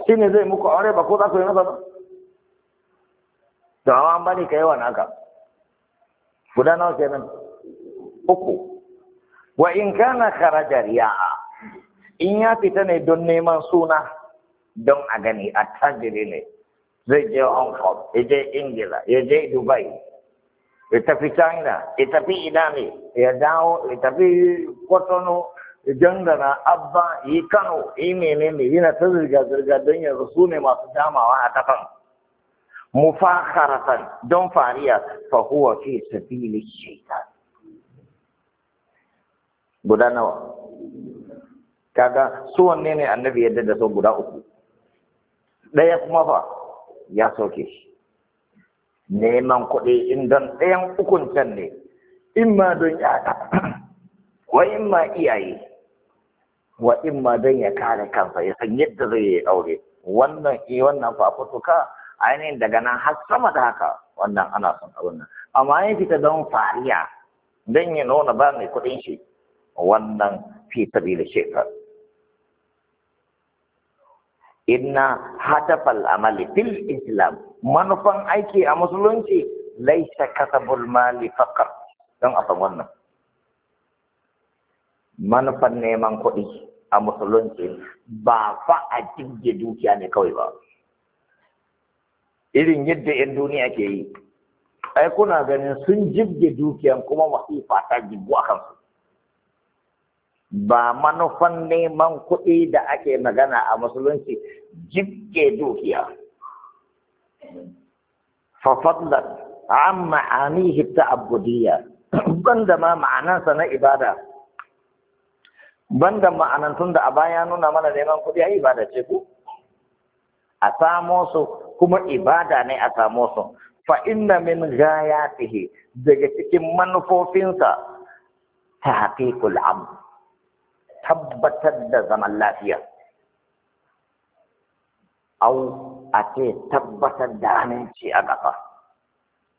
shine ne zai muku aure ba ko za ku yi masa ba to amma an bani kai yawa naka guda nawa kenan uku wa in kana kharaja riya'a in ya fita ne don neman suna don a gani a tajiri ne zai je Hong Kong ya je Ingila ya je Dubai ya tafi China ya tafi ina ya dawo ya tafi Kotono jangana abba yi Kano yi menene yana ta zirga zirga don yanzu su ne masu damawa a kafan mufakharatan don fariya fa huwa fi sabili shaitan guda nawa kaga su wanne ne annabi yadda da so guda uku ɗaya kuma fa ya soke shi neman kuɗi in don ɗayan ukun can ne in ma don yaɗa wa in ma iyaye wa in ma don ya kare kansa ya san yadda zai yi aure wannan i eh, wannan fafutuka ainihin daga nan har sama da haka wannan ana son abin nan amma ya fita don fariya don ya nuna ba mai kuɗin shi wannan fi sabila shekar. inna hatafal amali fil islam manufan aiki a musulunci laisa kasabul mali faqat don a san wannan manufan neman kuɗi a musulunci ba fa a jirge dukiya ne kawai ba irin yadda 'yan duniya ke yi ai kuna ganin sun jirge dukiyan kuma masifa ta jibu a kansu ba manufan neman kuɗi da ake magana a musulunci jibke dukiya fafadlan an hita abudiyya ban da ma ma'anansa na ibada da ma'anantun da a baya nuna mana neman kuɗi a ibada ce ku a samo su kuma ibada ne a samo su fa inna min gayatihi daga cikin manufofinsa ta haƙiƙul amu tabbatar da zaman lafiya au a ce tabbatar da aminci a ƙasa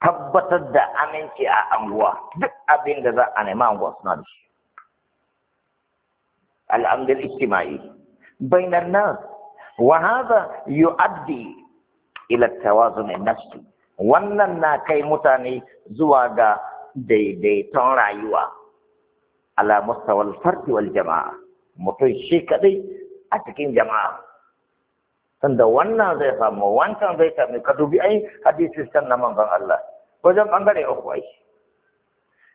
tabbatar da aminci a anguwa duk abin da za a nema anguwa suna da shi الأمن nan wa haza وهذا يؤدي إلى التوازن النفسي wannan na kai mutane zuwa ga daidaiton rayuwa ala mustawal fardi wal jama'a mutum shi kadai a cikin jama'a sanda wannan zai samu wancan zai samu kadubi dubi ai hadisi san na manzon Allah wajen bangare uku ai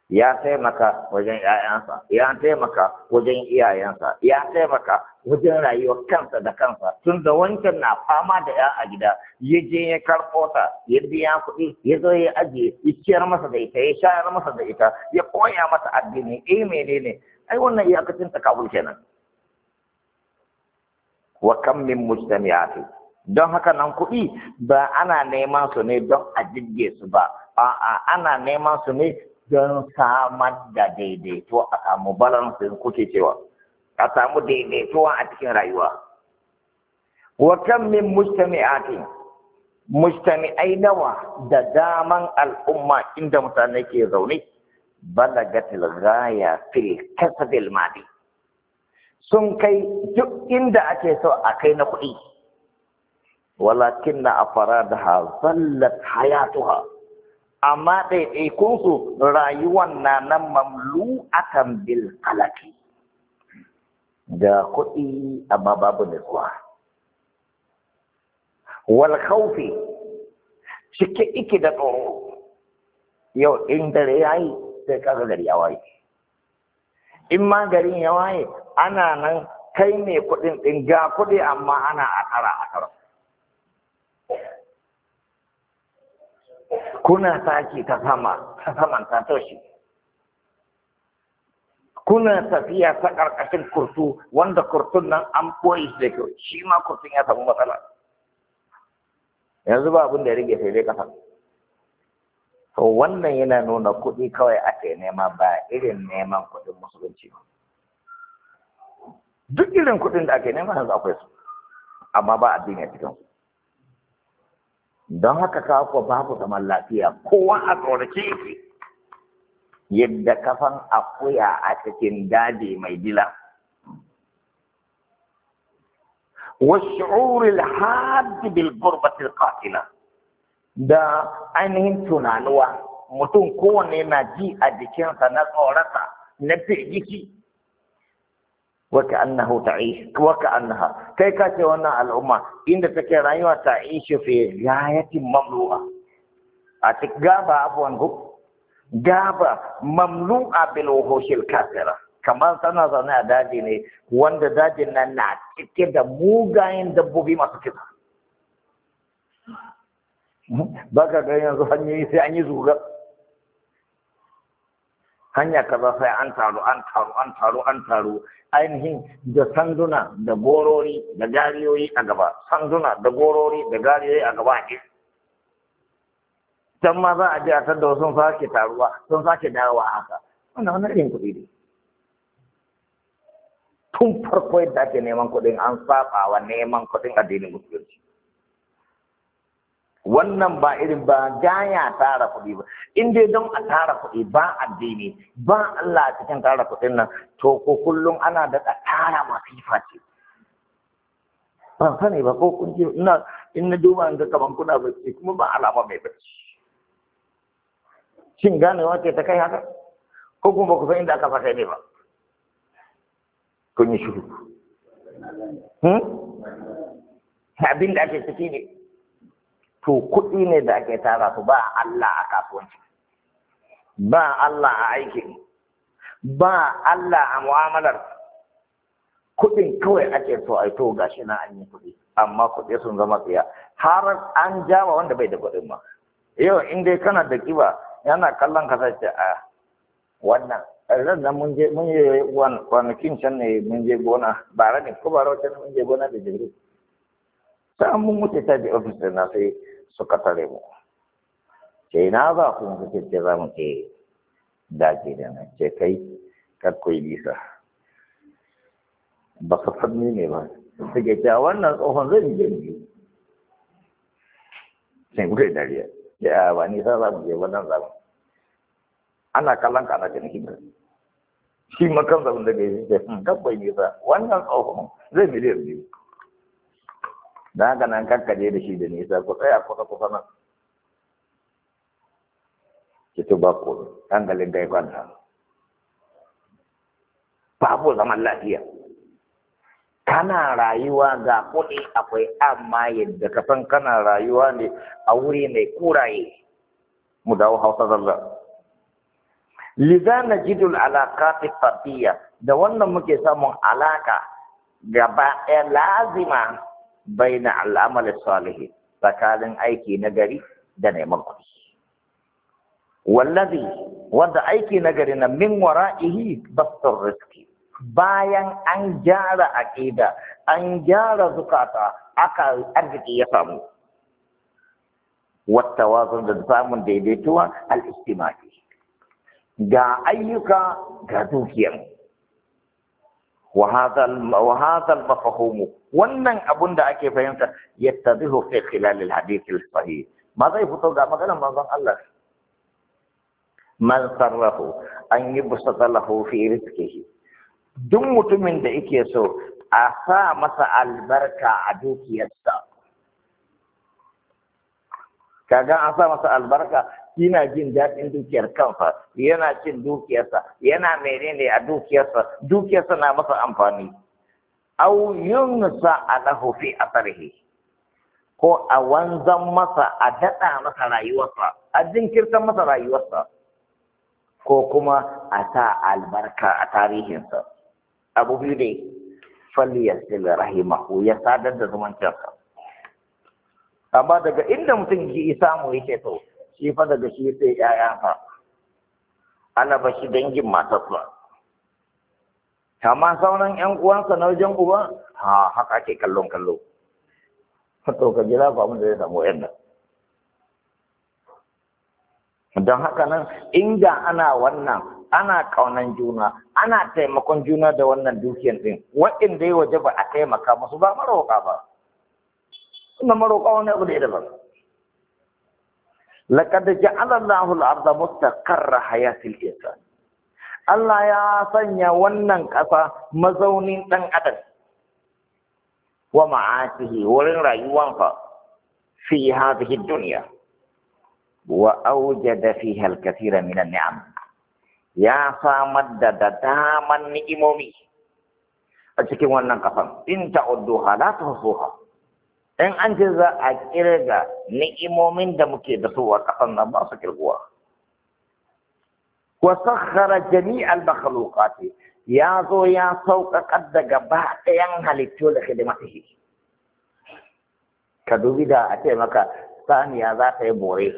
ya taimaka wajen ‘ya'yansa, ya taimaka wajen iyayensa, ya taimaka wajen rayuwar kansa da kansa, tun da wancan na fama da ‘ya a gida, ya je ya karfo ta, ya biya kuɗi, ya zo ya ajiye, ya ciyar masa da ita, ya shayar masa da ita, ya koya masa addini, eh menene, ai wannan iyakacin ke kenan. Wa kan min fi. don haka nan kuɗi ba ana neman su ne don a jirge su ba a'a ana neman su ne don samar da daidaito a samu balance kuke cewa a samu daidaituwa a cikin rayuwa wa kan min mujtami'atin mustami'ai nawa da daman al'umma inda mutane ke zaune balagatil ghaya fil kasbil mali sun kai duk inda ake so a kai na kuɗi walakin na fara da ha zallat hayatuha amma ɗaiɗaikunsu rayuwan na nan mamlu'atan bil halaki da kuɗi amma babu nutsuwa wal khawfi cike iki da tsoro yau in dare yi sai kaga gari ya waye in ma garin ya waye ana nan kai ne kuɗin ɗin ga kuɗi amma ana a tara kuna tashi ta sama ta saman ta toshi kuna tafiya ta ƙarƙashin kurtu wanda kurtun nan an boye shi da kyau shi ma kurtun ya samu matsala yanzu ba abin da ya rage sai dai ƙasa to wannan yana nuna kuɗi kawai ake nema ba irin neman kuɗin musulunci ba duk irin kuɗin da ake nema yanzu akwai su amma ba addini a cikinsu don haka ka ba babu zaman lafiya kowa a tsoraki yadda kafan akuya a cikin daji mai dila والشعور الحاد gurbatar القاتلة da ainihin tunanuwa mutum kowane na ji a jikinsa na tsorata na firgici waka annahu ta'ish waka annaha kai ka ce wannan al'umma inda take rayuwa ta'ish fi ghayatin mamlu'a a cikin gaba abuwan ku gaba mamlu'a bil wuhushil kamar tana zaune a daji ne wanda dajin nan na cike da mugayen dabbobi masu kisa baka ga yanzu hanyoyi sai an yi zuga hanya kaza sai an taru an taru an taru an taru ainihin da sanduna da gorori da gariyoyi a gaba sanduna da gorori da gariyoyi a gaba ne can ma za a je a da sun sake taruwa sun sake dawowa haka wannan wani irin kuɗi ne tun farko yadda ake neman kuɗin an saba wa neman kuɗin addinin musulunci wannan ba irin ba gaya tara kuɗi ba in dai don a tara kuɗi ba addini ba Allah a cikin tara kuɗin nan to ko kullum ana da tara masifa ce Ba sani ba ko kun ji ina in na duba ga kaman kuna bacci kuma ba alama mai ba shin ganewa ce ta kai haka ko kuma ba ku san inda aka fasa ne ba kun yi shiru hmm? abin da ake ciki ne to kuɗi ne da ake tara su ba Allah a kasuwanci ba Allah a aikin ba Allah a mu'amalar kuɗin kawai ake so a to gashi na an yi kuɗi amma kuɗi sun zama tsiya har an jama wanda bai da kuɗin ma yau in dai kana da kiba yana kallon ka sace a wannan ran nan mun je mun yi kwanakin can ne mun je gona bara ne ko bara wata mun je gona da jibril sai mun wuce ta je ofis da na sai suka tare mu ce na za ku mu ce za mu ke daji da nan ce kai kar ku yi bisa ba su fanni ne ba suke cewa wannan tsohon zai je ne sai kuka yi dariya ya ba nisa za mu je wannan za mu ana kallon ka ana cinikin ka shi makan zaune da gaisa kan bai hmm, nisa wannan tsohon zai miliyan biyu da haka nan kakkaje da shi da nisa ku tsaya kusa kusa nan ki tuba ku hankalin kai kwanta babu zaman lafiya kana rayuwa ga kuɗi akwai amma yadda ka san kana rayuwa ne a wuri mai kuraye mu dawo hausa zallar liza najidul alaqati fardiyya da wannan muke samun alaka gaba ɗaya lazima baina al'amal salih tsakanin aiki na gari da neman kuɗi wallazi wanda aiki na gari na min wara'ihi bastur rizqi bayan an gyara aƙida, an gyara zukata aka arziki ya samu والتوازن da samun daidaituwa al'istimaki. ga ayyuka ga dukiyarmu wa المفهوم wannan abun da ake fahimta yattadihu fi khilal al sahih ma zai fito ga maganar manzon Allah man sarrahu an yubsata lahu fi rizqihi duk mutumin da yake so a sa masa albarka a dukiyarsa kaga an sa masa albarka yana jin daɗin dukiyar kansa yana cin dukiyarsa yana menene a dukiyarsa dukiyarsa na masa amfani au a alahu fi asarihi ko a wanzan masa a daɗa masa rayuwarsa a jinkirta masa rayuwarsa ko kuma a sa albarka a tarihinsa abu biyu ne falyasil rahimahu ya sadar da zumuncinsa amma daga inda mutum ya samu yake to shi fa daga shi sai fa ana ba shi dangin matarsa amma sauran ƴan uwansa na wajen uba ha haka ke kallon kallo to ka jira ba mun da ya samu yanda don haka nan inda ana wannan ana kaunan juna ana taimakon juna da wannan dukiyar din waɗanda ya waje ba a taimaka musu ba maroƙa ba Ina maroƙa wani abu da ya daban لقد جعل الله الارض ardha حياه الانسان الله Allah ya sanya wannan ƙasa mazaunin ɗan adam wa ma'atihi wurin rayuwan fa fi hadhihi dunya wa awjada fiha al-kathira min an-ni'am ya samar da daman ni'imomi a cikin wannan ƙasan in ta'uddu halatuhu in an ce za a kirga ni'imomin da muke da suwa kasan nan ba su kirguwa wa sakhara jami'al makhluqat ya zo ya sauƙaƙa da gaba ɗayan halittu da hidimatihi ka dubi da a ce maka saniya za ta yi bore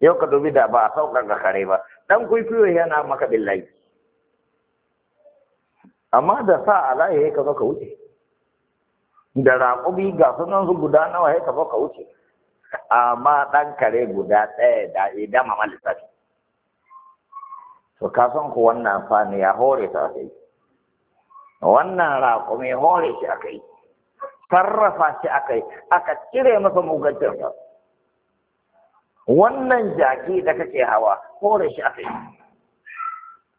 yau ka dubi da ba a sauƙaƙa kare ba ɗan kwaikwayo yana maka billahi amma da sa alaye ka zo ka wuce da raƙumi ga sunan su guda nawa ya kafa ka wuce amma ɗan kare guda ɗaya da ya dama ma lissafi to ka san ku wannan fani ya hore ta yi. wannan raƙumi hore shi aka yi. sarrafa shi aka yi aka cire masa mugancinsa wannan jaki da kake hawa hore shi aka yi.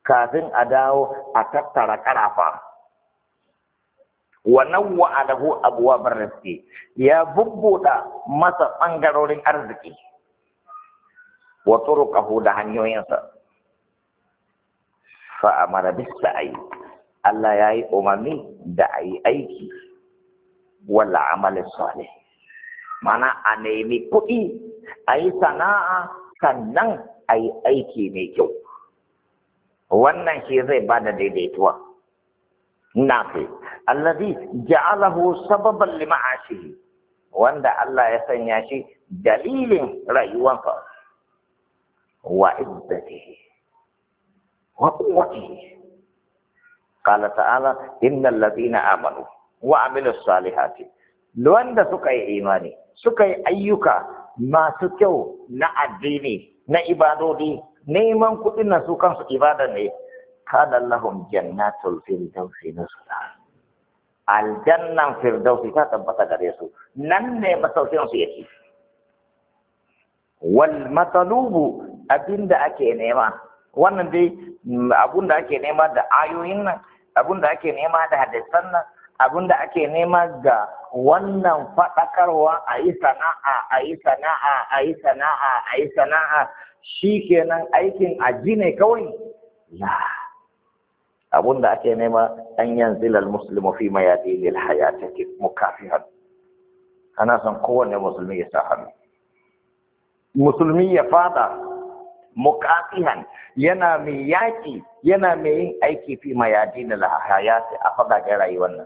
kafin a dawo a tattara ƙarafa. wa nawwa alahu abwabar rizqi ya bubbuda masa bangarorin arziki wa turuqahu da hanyoyinsa fa amara bis sa'i Allah ya yi umarni da a yi aiki wala amalin salih mana a nemi kuɗi a yi sana'a sannan a yi aiki mai kyau wannan shi zai ba da daidaituwa nafi alladhi ja'alahu sababan lima'a ma'ashihi wanda Allah ya sanya shi dalilin rayuwarsa wa iddatihi wa quwwatihi qala ta'ala innal ladhina amanu wa amilus salihati wanda suka yi imani suka yi ayyuka masu kyau na addini na ibadodi neman kudin na su kansu ibada ne kana lahum jannatul firdausi al aljannan firdausi ta tabbata gare su nan ne masaukin su yake wal matalubu abinda ake nema wannan dai abunda ake nema da ayoyin nan abunda ake nema da hadisan nan abunda ake nema ga wannan fadakarwa a yi sana'a a yi sana'a a yi sana'a a yi sana'a shi kenan aikin aji ne kawai la abun da ake nema an yanzila almuslimu fi hayati alhayati mukafihan ana son kowanne musulmi ya sa hannu musulmi ya fada mukafihan yana mai yaki yana mai yin aiki fi mayadihi hayati a fagagen rayuwar nan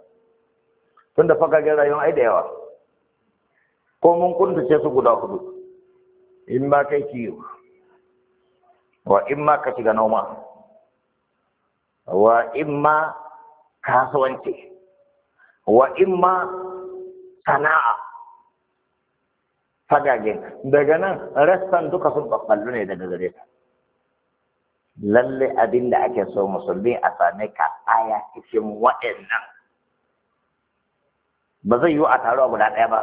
tun da fagagen rayuwar ai da yawa ko mun kuntace su guda hudu in ba kai kiwo wa in ma ka shiga noma wa imma kasuwanci wa imma sana'a fagagen daga nan rassan duka sun ɓaɓɓallu ne daga gare ta lalle abin da ake so musulmi a same ka aya cikin waɗannan ba zai yiwu a taro a guda ɗaya ba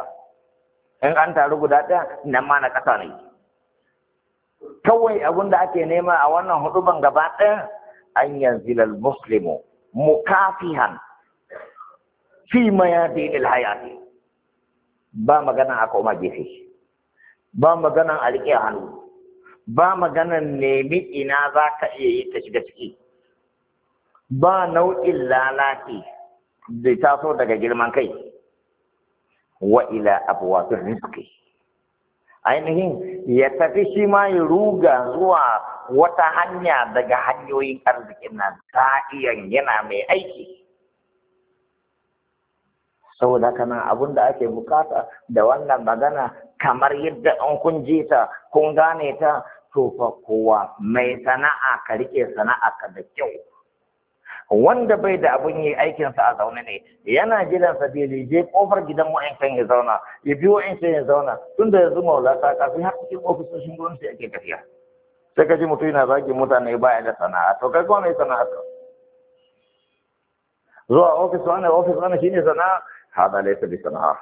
in an taru guda ɗaya nan ma na ƙasa ne kawai abin da ake nema a wannan hudu ban gaba ɗaya an yanzilal muslimu mukafihan fi mayadin alhayati ba magana a koma gefe ba magana a riƙe hannu ba magana nemi ina za ka iya yi ta shiga ciki ba nau'in lalaci zai taso daga girman kai wa ila abuwa rizqi ainihin ya tafi shi ma ya ruga zuwa wata hanya daga hanyoyin arzikin nan ta iya yana mai aiki saboda haka nan abin da ake bukata da wannan magana kamar yadda an kun ji ta kun gane ta to fa kowa mai sana'a ka rike sana'a ka da kyau wanda bai da abun yi aikinsa a zaune ne yana gidan sa bai je kofar gidan wa'ancan ya zauna ya biyo wa'ancan ya zauna tunda da yanzu maula ta kafi har cikin ofisoshin gwamnati ake tafiya sai ka ji mutum yana zagin mutane baya da sana'a to kai kuma mai sana'a zuwa ofis wani ofis wani shine sana'a hada laisa bi sana'a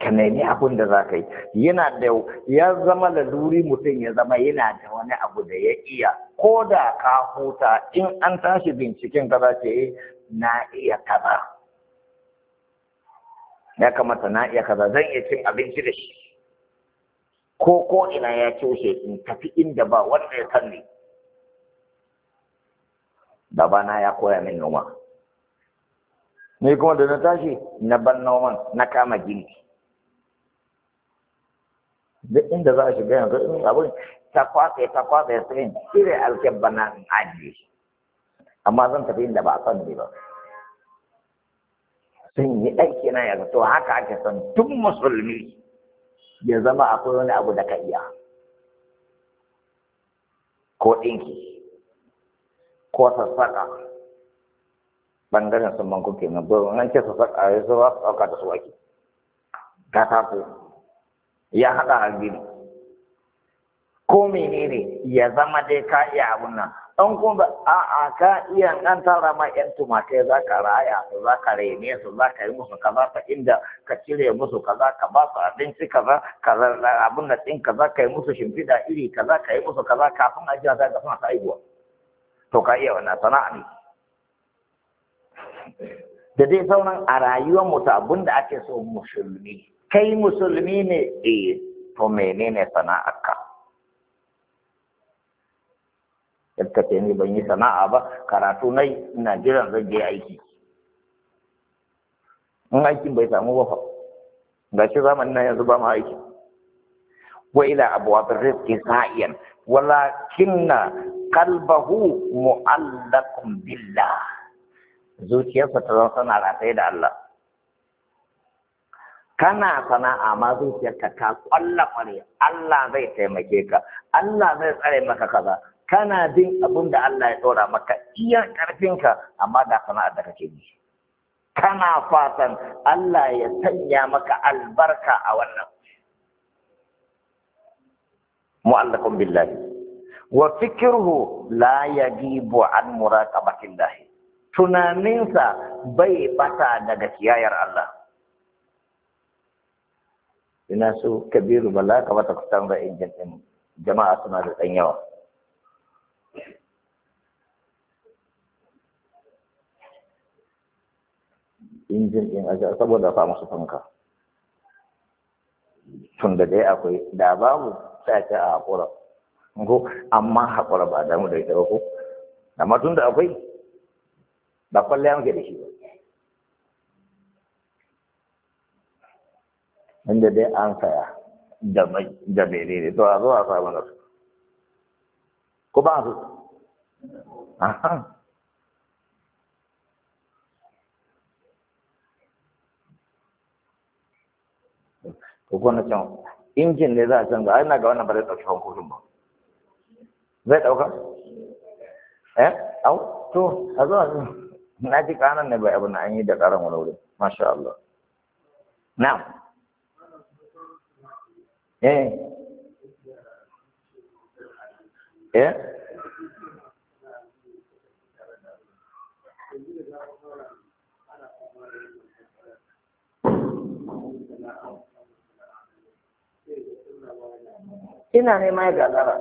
ka nemi abin da za ka yi yana da ya zama laluri mutum ya zama yana da wani abu da ya iya ko da ka huta in an tashi binciken ka za ce na iya kaza ya kamata na iya kaza zan iya cin abinci da shi ko ko ina ya coshe in tafi inda ba wanda ya san ni babana ya koya min noma ni kuma da na tashi na ban noman na kama gini duk inda za a shiga yanzu in abin ta kwatsa ta kwatsa sai in cire alkebba na ajiye shi amma zan tafi inda ba a san ne ba sun yi aiki na yanzu to haka ake son tun musulmi ya zama akwai wani abu da ka iya ko ɗinki ko sassaƙa ɓangaren sun man kuke nan ba an ce sassaƙa ya zo ba su ɗauka da su ake katako ya haɗa addini ko menene ya zama dai ka iya abun nan ɗan kuma a a ka iya ɗan tara ma ƴan tumatai za ka raya su za ka rene su za ka yi musu kaza ta inda ka cire musu kaza ka ba su abinci kaza kaza abun nan ɗin kaza ka yi musu shimfiɗa iri kaza ka yi musu kaza kafin a jiya za ka suna ta aibuwa to ka iya wannan sana'a ne da dai sauran a rayuwar mu ta abun da ake so musulmi kai musulmi ne eh to menene sana'arka yadda ce ni ban yi sana'a ba karatu nai ina jiran zan je aiki in aikin bai samu ba fa ga shi zamanin nan yanzu ba mu aiki wa ila abwabir rizqi sa'iyan walakinna qalbahu mu'allaqun billah zuciyarsa ta zama tana rataye da Allah kana sana'a ma zuciyarka ta kwalla kware Allah zai taimake ka Allah zai tsare maka kaza kana bin abin da Allah ya tsora maka iya karfinka amma da sana'ar da kake yi kana fatan Allah ya sanya maka albarka a wannan mu'allakun billahi wa fikirhu la yajibu an muraqabatillahi tunaninsa bai bata daga kiyayar Allah ina so kabiru bala ka wata kusan ba injin din jama'a suna da ɗan yawa injin din aja saboda fa musu fanka tun da dai akwai da babu sace a haƙura ko amma haƙura ba damu da ita ba ko amma tun da akwai ba kwalle muke da shi ba inda dai an saya da mai ne to a zuwa a da su ko ba su ko can injin ne za a canza ai na ga wannan ba zai ɗauki hankulin ba zai ɗauka eh au to a zuwa a na ji kanan ne bai abu na an yi da karan wani masha Allah na'am eh eh ina nema ya gagara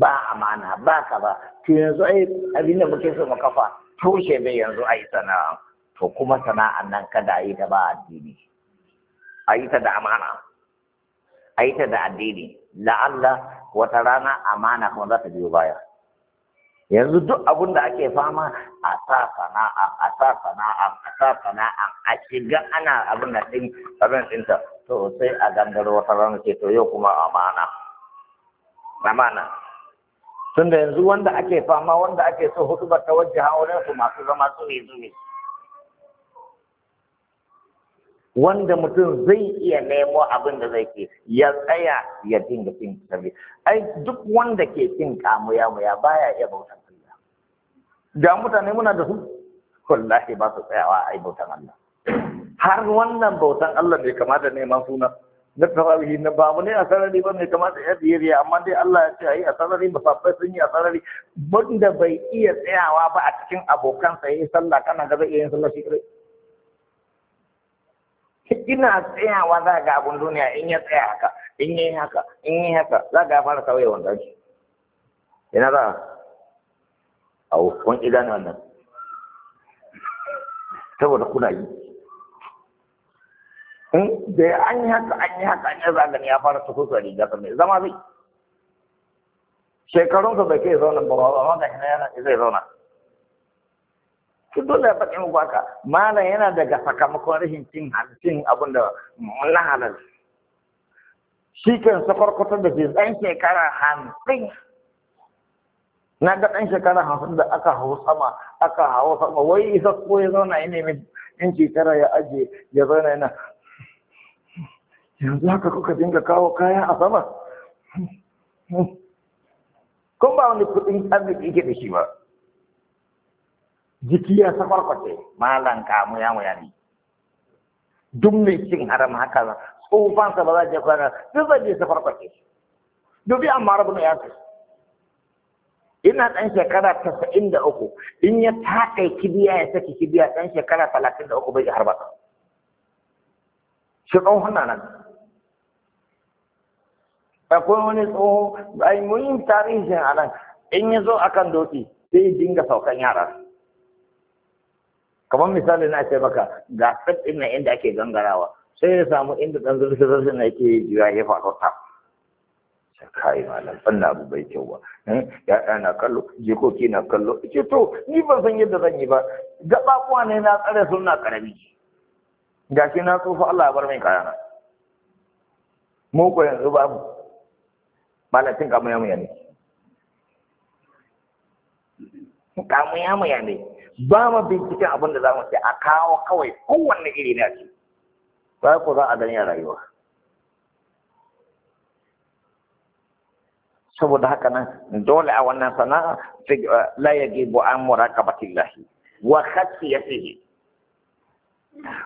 ba amana ba ka ba to yanzu ai abinda muke so mu kafa toshe bai yanzu ai sana'a to kuma sana'an nan kada a yi ta ba addini a yi ta da amana a yi ta da addini la'alla wata rana amana kuma za ta biyo baya yanzu duk abin da ake fama a sa sana'a a sa sana'a a sa sana'a a shiga ana abin da ɗin abin ɗinta to sai a gangaro wata rana ce to yau kuma amana amana tunda yanzu wanda ake fama wanda ake so hudu ba ta wajen hawa su masu zama su ne wanda mutum zai iya nemo abin da zai ke ya tsaya ya dinga cin sarri ai duk wanda ke cin kamuya muya baya iya bautan Allah da mutane muna da su wallahi ba su tsayawa ai bautan Allah har wannan bautan Allah bai kamata neman suna na tarawihi na ba mu ne a sarari ba mai kamata ya biyariya amma dai Allah ya ce ai a sarari musafai sun yi a sarari banda bai iya tsayawa ba a cikin abokansa ya yi sallah kana ga zai iya yin sallah shi kai kina tsayawa za ga abun duniya in ya tsaya haka in yi haka in yi haka za ga fara kawai wanda ake ina za a kun idan wannan saboda kuna yi da an yi haka an yi haka an yi zagani ya fara tafi su riga ta mai zama zai shekarunsa bai kai zauna ba ba ma ga na yana zai zauna su dole ya faɗi muku haka malam yana daga sakamakon rashin cin cin abin da na halal shi kan sakwarkwatar da ke ɗan shekara hamsin na ga ɗan shekara hamsin da aka hau sama aka hau sama wai isa ko ya zauna ya nemi in tara ya aje ya zauna yana yanzu haka kuka dinga kawo kaya a sama kun ba wani kuɗin arziki yake da shi ba jiki ya sakwarkwace malan mu ya mu ni duk mai cin haram haka tsofansa ba za je kwana duk zai je sakwarkwace dubi amma rabu ya kai ina ɗan shekara tasa'in da uku in ya taƙa kibiya ya saki kibiya ɗan shekara talatin da uku bai harba ka shi tsohon nan akwai wani tsoho ai muhim tarihin a nan in ya zo akan doki sai dinga saukan yara kamar misali na ce maka ga step ɗin nan inda ake gangarawa sai ya samu inda ɗan zurfi zurfi na yake juya ya faɗo ta kai malam ban abu bai kyau ba hmm? Yaɗa na kallo jikoki na kallo ce to ni ban san yadda zan yi ba gaɓaɓuwa ne na tsare sun na ƙarami shi na tsofa Allah ya bar mai kayana mu ko yanzu babu malatin kamar yamu yanzu ya muya ne ba mu binciken abin da za mu ce a kawo kawai kowanne iri ne a ce ba ku za a gani a rayuwa saboda haka nan dole a wannan sana'a eh, la bu an muraqabatillahi wa khashiyatihi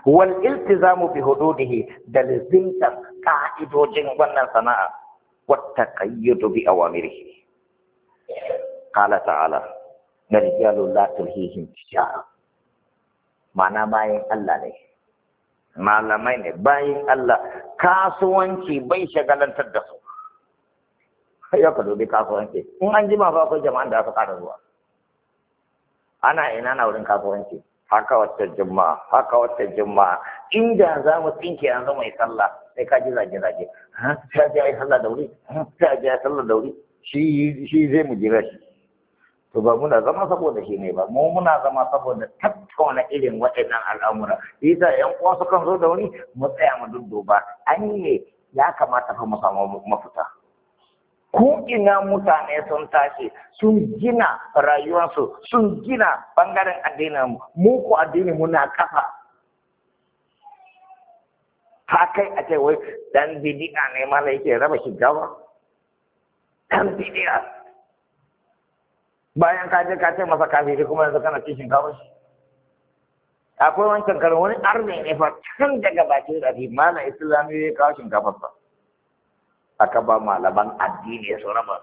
wal iltizamu bi hududihi da lizintar ka'idojin wannan sana'a wa taqayyudu bi awamirihi qala ta'ala na rijalun la tulhihim tijara ma'ana bayan Allah ne malamai ne bayan Allah kasuwanci bai shagalantar da su ya ka dubi kasuwanci in an jima ba akwai jama'an da aka kara zuwa ana ina na wurin kasuwanci haka wata juma'a haka wata juma'a inda za mu tsinke an zama yi sallah sai ka ji zage zage ha sai ji ai sallah da wuri ha sai ji ai sallah da wuri shi shi zai mu jira shi to ba muna zama saboda shi ne ba mu muna zama saboda tattauna irin waɗannan al'amura ita yan uwa su kan zo da wani mu tsaya mu dudduba an yi ya kamata fa mu samu mafita ko ina mutane sun tashi sun gina rayuwarsu sun gina bangaren addinin mu ko addini muna kafa ta kai a kai wai dan bidiya ne ma yake raba shiga ba dan bidiya bayan ka je ka ce masa kafiri kuma yanzu kana cin shinkafa shi akwai wancan karin wani arme ne fa can daga bakin rafi mana islami ya kawo shinkafa fa aka ba malaman addini ya su ba.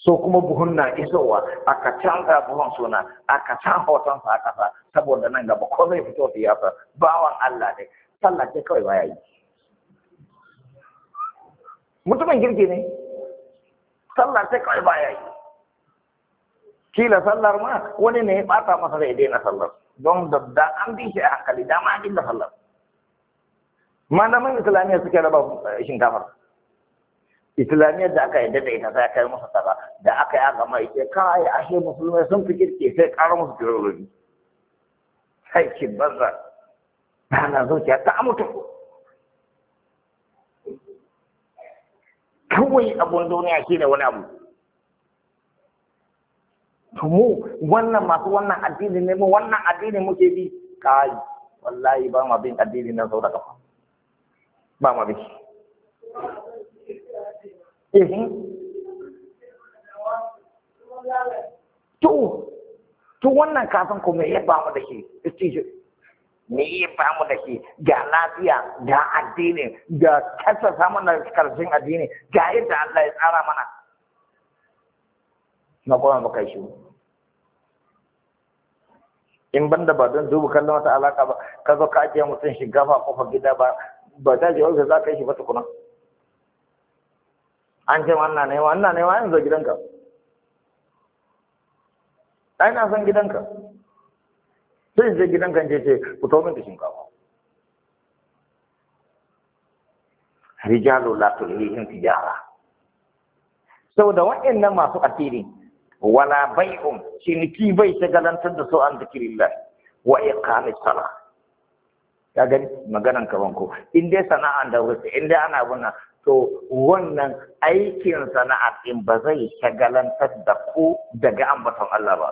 so kuma buhun na isowa aka canza buhun suna aka can hoton sa aka sa saboda nan gaba ko zai fito siyasa bawan Allah ne sallah ce kawai baya yi mutumin girki ne sallah ce kawai baya yi kila sallar ma wani ne ya bata masa da ya daina sallar don da an bi shi a hankali dama ma illa sallar malaman islamiyya suke raba eh, shinkafar islamiyyar da aka yadda da ita sai kai musu tsara da aka yi gama yake kai ashe musulmai sun fi kirke sai ƙara musu tirori sai ki banza na zuciya ta mutu kawai abun duniya shine wani abu mu wannan masu wannan addini ne mu wannan addini muke bi kai wallahi ba ma bin addini na sau da kafa ba ma bi to to wannan kafin ku me ya ba mu da shi me ya ba mu da shi ga lafiya ga addini ga kasa samun karshen addini ga yadda Allah ya tsara mana na kuma muka shi in ban da ba don dubu kallon wata alaka ba ka zo ka ajiye mutum shiga ba kofar gida ba ba ta ji wanda za ka yi shi ba tukuna an ce wannan ne wannan ne wani zo gidanka ai na san gidanka sai je gidanka ce ce to min da shinkafa rijalu la tulhihim tijara saboda wa'annan masu asiri wala bai'un ciniki bai shagalantar da su an zikirillah wa iqamis salah gani maganan kaman in dai sana'a da wuce in dai ana wannan to wannan aikin sana'a in ba zai shagalantar da ku daga ambaton Allah ba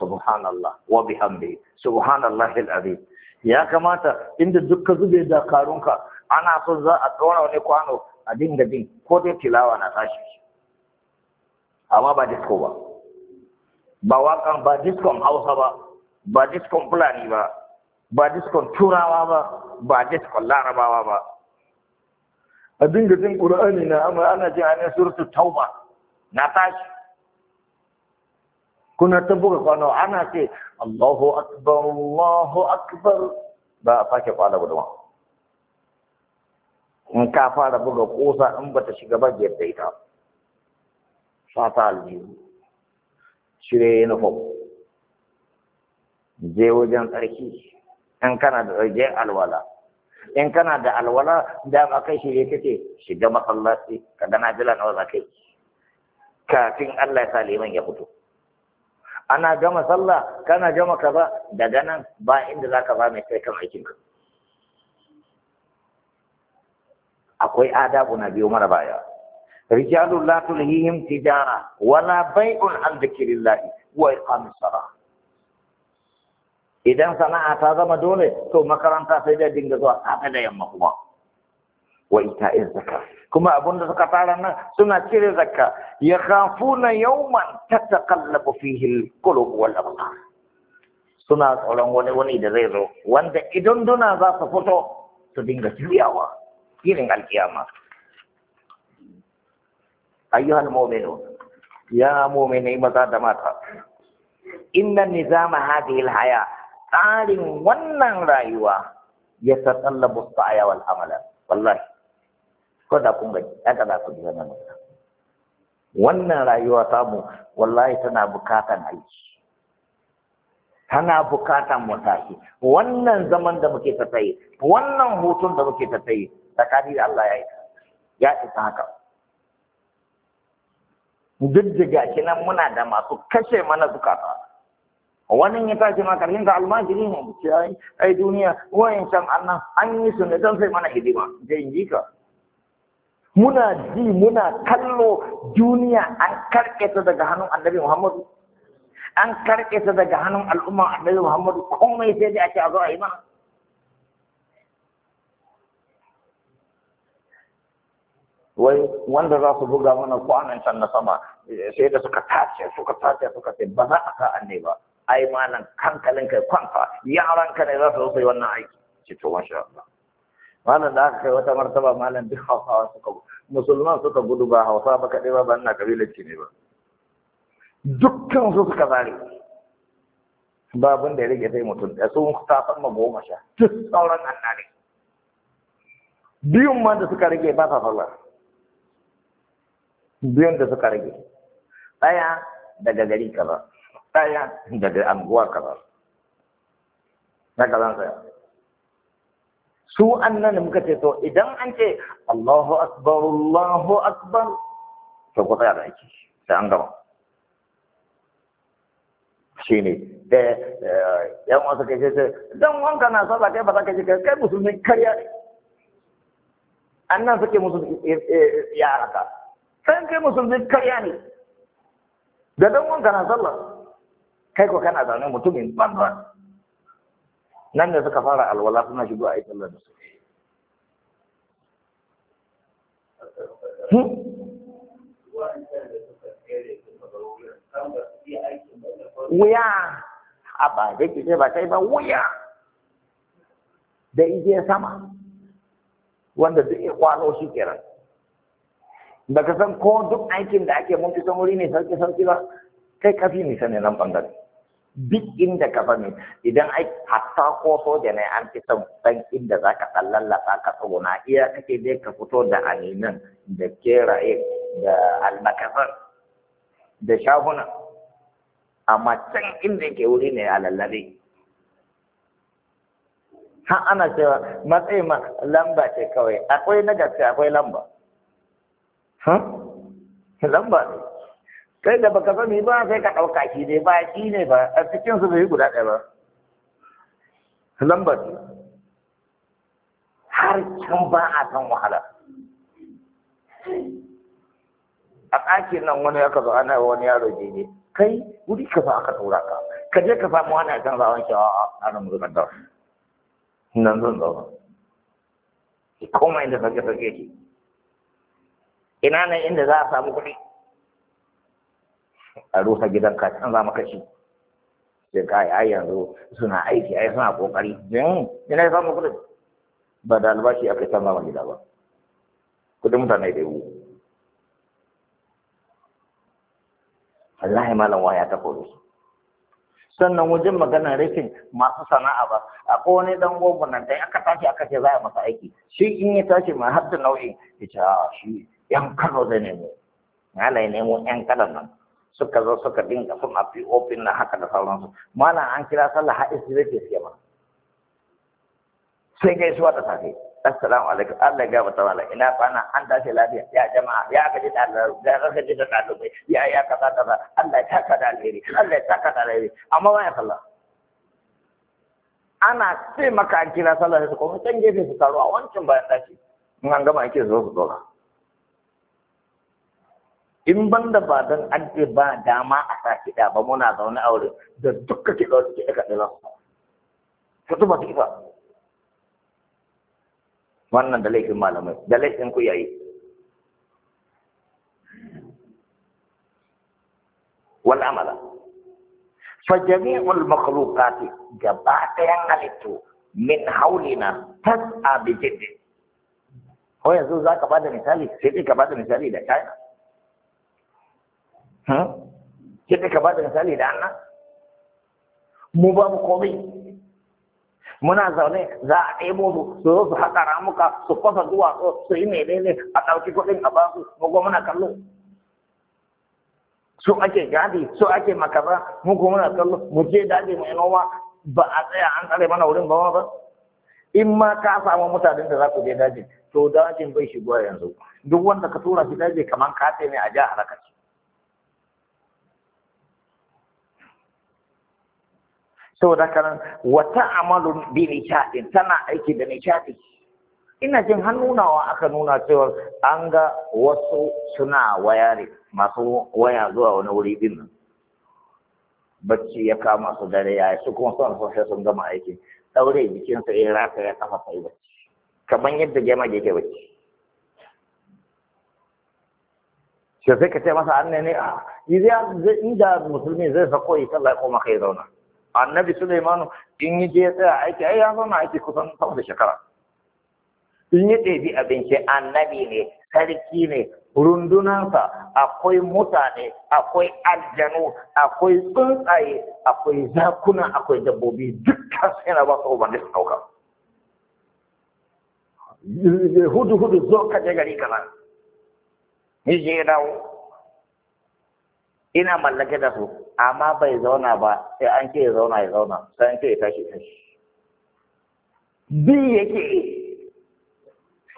subhanallah wa bihamdi subhanallah al ya kamata inda dukka zube da karunka ana son za a tsora wani kwano a dinga bin ko dai tilawa na tashi amma ba disco ba ba wakan ba diskon hausa ba ba diskon fulani ba ba diskon turawa ba ba diskon larabawa ba a dinga jin ƙur'ani na amma ana jin ana surutu tauba na tashi kuna ta buga kwano ana ce Allahu akbar Allahu akbar ba a sake kwana guduma in ka fara buga ƙusa in bata shiga ba yadda ita fata aljihu cire uniform je wajen tsarki in kana da je alwala in kana da alwala da ba kai shirye kake shiga masallaci ka ga najila na wasa kai kafin Allah ya sa liman ya fito ana gama sallah kana gama kaza daga nan ba inda za ka ba mai kai kan aikin ka akwai adabu na biyu mara baya rijalun la tulhihim tijara wala bai'un an dhikrillah wa iqamis salah idan sana'a ta zama dole to makaranta sai da dinga zuwa safe da yamma kuma wa ita'in zakka kuma abun suka tara nan suna cire zakka ya khafuna yawman tataqallabu fihi al-qulub wal absar suna tsoron wani wani da zai zo wanda idan duna za su fito su dinga juyawa irin alkiyama ayyuhal Muminu ya mu'minai maza da mata inna nizama hadhihi alhaya tsarin wannan rayuwa ya tatallabu sa'ya wal amala wallahi ko da kun Ya haka za ku ji nan. wannan rayuwa samu wallahi tana bukatan aiki tana bukatan mutaki wannan zaman da muke ta wannan hutun da muke ta tsakani da Allah ya yi ya isa haka duk da gashi nan muna da masu kashe mana zukata wannan ya tashi ma karin da almajiri ne ce ai ai duniya wayan can annan an yi su ne don sai mana hidima da in ka muna ji muna kallo duniya an karke ta daga hannun annabi muhammadu an karke ta daga hannun al'umma annabi muhammadu komai sai dai a ce a zo a yi mana wai wanda za su buga mana kwanan can na sama sai da suka tace suka tace suka ce ba za a sa ne ba ai ma nan kankalin kai kwanta yaran ka ne za su yi wannan aiki ce to masha Allah malam da aka kai wata martaba malam duk hausawa suka musulman suka gudu ba hausa ba kaɗai ba ba ina kabilar ne ba dukkan su suka zare babin da ya rage sai mutum da sun tafan ma goma sha duk sauran annare biyun ma da suka rage ba sa sallah biyun da suka rage ɗaya daga gari kaza ɗaya daga anguwa kaza na kazan saya su nan da muka ce to idan an ce Allahu akbar Allahu akbar to ku tsaya da ake sai an gama shi ne da eh, eh, yan wasu kai sai don wanka na sallah kai ba za ka je kai musulmi karya annan suke musulmi eh, ya haka ɗan kai musulmi karya ne da ɗan wanka na sallah kai ko kana zaune mutumin banza nan da suka fara alwala suna shigo a yi sallar da su hmm? wuya a ba da ke ba ta ba wuya da ije sama wanda duk ya kwano shi kiran Da ka san ko duk aikin da ake mun kusan wuri ne sarki sarki ba kai ka nisa ne nan bangare duk inda ka fa sani idan ai hatta ko soja ne an fi son san inda za ka tsallalla ka ka Na iya kake dai ka fito da aninan da keraye da almakasar da shaguna amma can inda yake wuri ne a lallare Ha ana cewa matsayin lamba ce kawai akwai na gaske akwai lamba ha lamba ne kai da baka sani ba sai ka ɗauka shi ne ba shi ne ba a cikin su bai guda ɗaya ba lamba ne har can ba a san wahala a ɗakin nan wani aka zo ana wani yaro ne kai wuri ka fa aka tura ka ka je ka samu wani a can zawon shi a ana mu zukar da nan zan zauna komai da sake sake shi ina nan inda za a samu kuɗi a rusa gidan ka can za mu shi sai ka ai yanzu suna aiki ai suna kokari din ina ya samu kuɗi ba da albashi a kai ma gida ba kuɗin mutane da yiwu wallahi malam waya ta kore su sannan wajen maganar rashin masu sana'a ba a wani dan gobe nan dai aka tashi aka ce za a masa aiki shi in ya tashi ma har da nau'in ya ce a ah, shi yan kano zai nemo yana nemo yan kano nan suka zo suka dinga suna pop na haka da sauransu mana an kira sallah ha isi da ke siya ma sai gaisuwa da safe assalamu alaikum Allah ya gaba tawala ina kwana an tashi lafiya ya jama'a ya kaji da ya kaji da dalibai ya ya da da Allah ya ka da alheri Allah ya ka da alheri amma wa ya sallah ana sai maka an kira sallah sai kuma mutan gefe su taro a wancan bayan tashi mun an gama ake zo su dora in ban da ba don an ce ba dama a sa kiɗa ba muna zaune aure da dukkan kiɗa wasu kiɗa kaɗe za su ka su kifa wannan da laifin malamai da laifin ku yayi wal amala fa jami'ul makhluqati gaba ɗayan halittu min haulina tas'a bi jiddi ko yanzu za ka bada misali sai ka bada misali da China ha kika ka ba da misali da Allah mu ba mu komai muna zaune za a ɗebo su su zo su haƙa ramuka su fasa duwatsu su yi menene a ɗauki kuɗin a ba su mu muna kallo su ake gadi su ake makaza mu kuma muna kallo mu je daji mai noma ba a tsaya an tsare mana wurin ba ba in ma ka samu mutanen da za ku je daji to dajin bai shigo yanzu duk wanda ka tura shi daji kamar kace ne a ja saboda kanan wata amalu bi nishadin tana aiki da nishadi ina jin hannunawa aka nuna cewa an ga wasu suna waya masu waya zuwa wani wuri din nan bacci ya kama su dare ya su kuma son sun sai sun gama aiki daure jikinsa ya eh, rata ya kafa sai bacci kamar yadda jama'a ke bacci sai ka ce masa an ne Idan inda musulmi zai sako yi sallah ko maka ya zauna annabi Suleiman, in yi je tsaya aiki ai ya aiki kusan sama da shekara in yi ɗebi abinci annabi ne sarki ne rundunansa akwai mutane akwai aljanu akwai tsuntsaye akwai zakuna akwai dabbobi dukkan su yana ba su su hudu hudu zo ka gari kaza ni je dawo ina mallake da su amma bai zauna ba sai an ce ya zauna ya zauna sai an ce ya tashi tashi bi yake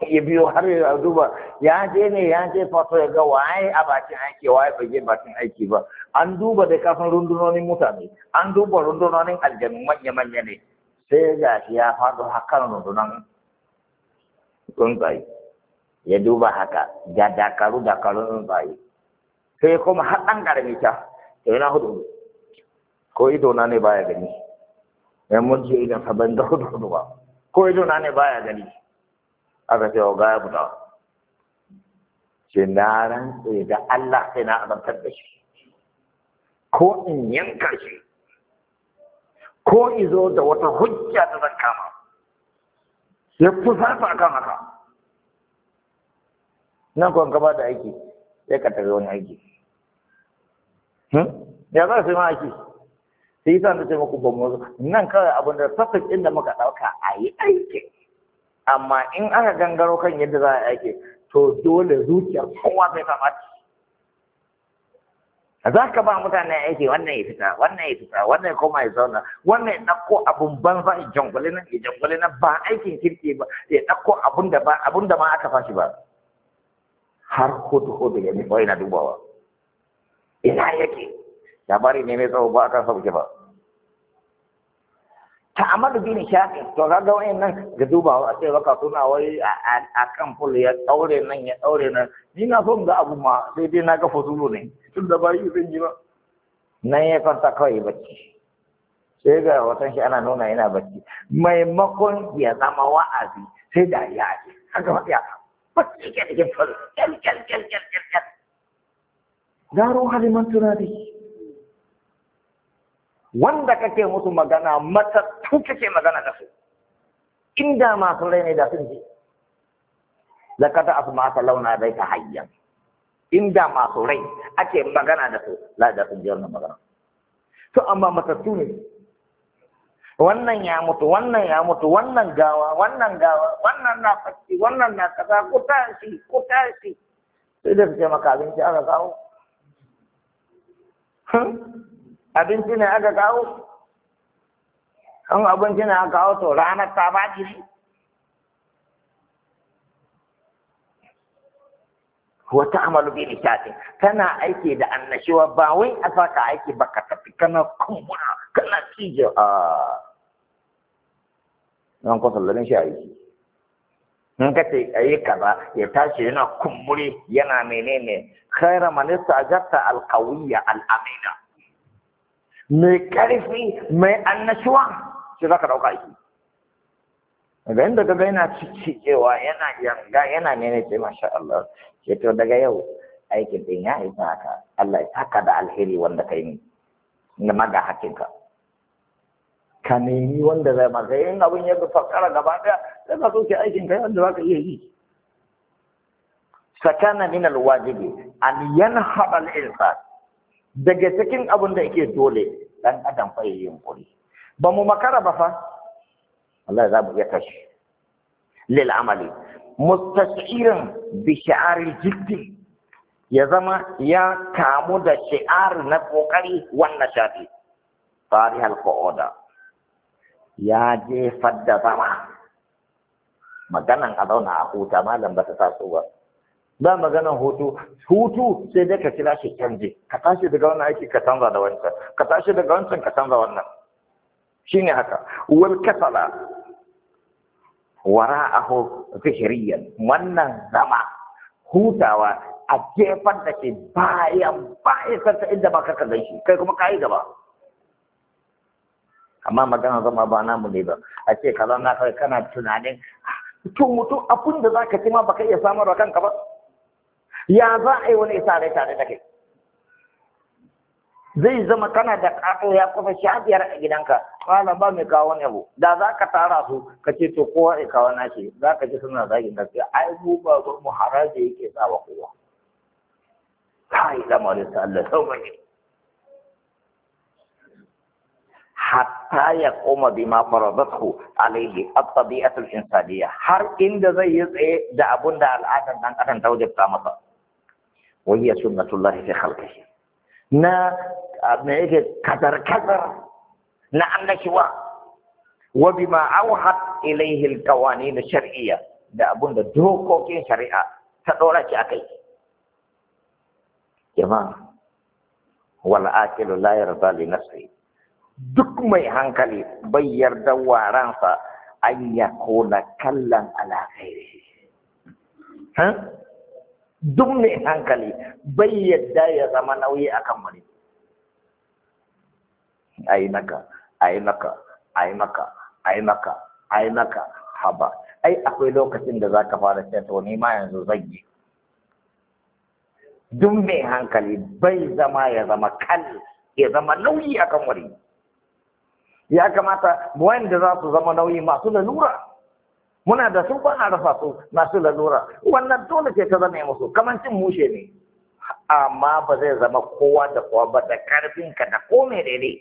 ya biyo har ya duba ya je ne ya je fato ya ga waye a bakin aiki waye bai je bakin aiki ba an duba da kafin rundunonin mutane an duba rundunonin aljanu manya-manya ne sai ga shi ya faɗo hakan rundunan tsuntsaye ya duba haka ga dakaru dakarun tsuntsaye sai kuma har ɗan ƙarami ta sai yana hudu ko ido na ne baya gani yan mun ce idan sa da hudu hudu ba ko ido na ne baya gani aka ce wa gaya buɗa ce na rantse da Allah sai na azantar da shi ko in yanka shi ko izo da wata hujja da zan kama ya fusata akan haka nan kuwa gaba da aiki sai ka tafi wani aiki ya za su ma ake sai yasa na ce muku ba mu nan kawai abin da tafik inda muka dauka a yi aiki amma in aka gangaro kan yadda za a yi aiki to dole zuciyar kowa sai ta ɓaci za ka ba mutane aiki wannan ya fita wannan ya fita wannan ya koma ya zauna wannan ya ɗauko abin banza ya jangwale nan ya jangwale nan ba aikin kirki ba ya ɗauko abun da ba da ma aka fashi ba har hudu hudu ya mi kawai na dubawa ina yake bari ne mai tsawo ba a kan sauke ba ta amadu bin shafi to ga ga wayan nan ga dubawa a cewa ka suna wai a kan fulu ya tsaure nan ya tsaure nan ni na son ga abu ma sai dai na ga fasulu ne tun da bari zan yi ba nan ya kwanta kawai bacci sai ga watan shi ana nuna yana bacci maimakon ya zama wa'azi sai da ya ce haka ya haka bacci ke cikin fulu kyal kyal kyal kyal kyal la ruha liman tunadi wanda kake mutu magana matattu kake magana da su inda masu rai ne da sun je lakata asma'ata launa dai ka hayya inda masu rai ake magana da su la da sun je wannan magana to amma matattu ne wannan ya mutu wannan ya mutu wannan gawa wannan gawa wannan na fakki wannan na kaza ku tashi ku tashi sai da su ce maka abinci aka kawo abinci ne aka kawo an abinci ne aka kawo to ranar ta baki ne wata amalu bi nishadi kana aiki da annashuwa ba wai a saka aiki ba ka tafi kana kuma kana cije a ah. nan ko sallarin shi aiki in ka ce a yi kaza ya tashi yana kumburi yana menene khaira manista jarta alkawiyya al'amina mai karfi mai annashuwa shi za ka ɗauka shi daga inda ka yana cikewa yana yanga yana nene ce masha Allah ce to daga yau aikin din ya isa ka Allah ya saka da alheri wanda kai ni na maga hakinka ka nemi wanda zai maka yin abin ya fakara gaba daya sai ka soke aikin kai wanda ka iya yi sakana min alwajibi an yanhada al-insan daga cikin abin da yake dole dan adam fa yi yunkuri ba mu makara ba fa Allah za mu iya tashi lil amali mustashirin bi sha'ari jiddi ya zama ya kamu da shi'ar na kokari wannan shafi farihal qa'ada ya jefar da sama maganan a zauna a huta malam ba ta taso ba ba maganan hutu hutu sai dai ka kira shi canje ka tashi daga wannan aiki ka canza da wancan ka tashi daga wancan ka canza wannan shine haka wal kasala wara'ahu fihriyan wannan zama hutawa a jefar da ke bayan bayan santa inda ba ka kalle shi kai kuma kai gaba amma magana zama ba namu ne ba a ce kaza na kai kana tunanin ah, to mutum abin da zaka ci ma baka iya samar wa kanka ba ya za a yi wani isa rai tare da kai zai zama kana da ƙato ya kusa sha biyar a gidanka kala ba mai kawo ne abu da za ka tara su ka ce to kowa ya kawo ce za ka ji suna zagin gaskiya ai mu ba mu haraji yake wa kowa kai lamarin sa Allah sau mai hatta ya koma bima faradathu alaihi at-tabi'atul insaniyya har inda zai yi tsaye da abun da al'adar dan adam ta wajabta masa wa sunnatullahi fi khalqihi na me yake kadar kadar na annashiwa wa bima awhat ilaihi al-qawanin shar'iyya da abun da dokokin shari'a ta dora ki akai jama'a wal aqilu la yarda li nafsihi duk mai hankali bai yarda wa ransa an ya kona kallon alaƙairi duk mai hankali bai yarda ya zama nauyi akan wani a yi maka a yi maka a yi maka a yi maka a yi maka haba ai akwai lokacin da za ka fara ce to ma yanzu zan yi duk mai hankali bai zama ya zama kal ya zama nauyi akan wani ya kamata wanda za su zama nauyi masu lalura muna da su ba a su masu lalura wannan dole ce ta zama musu kamar cin mushe ne amma ba zai zama kowa da kowa ba da karfinka da kome daidai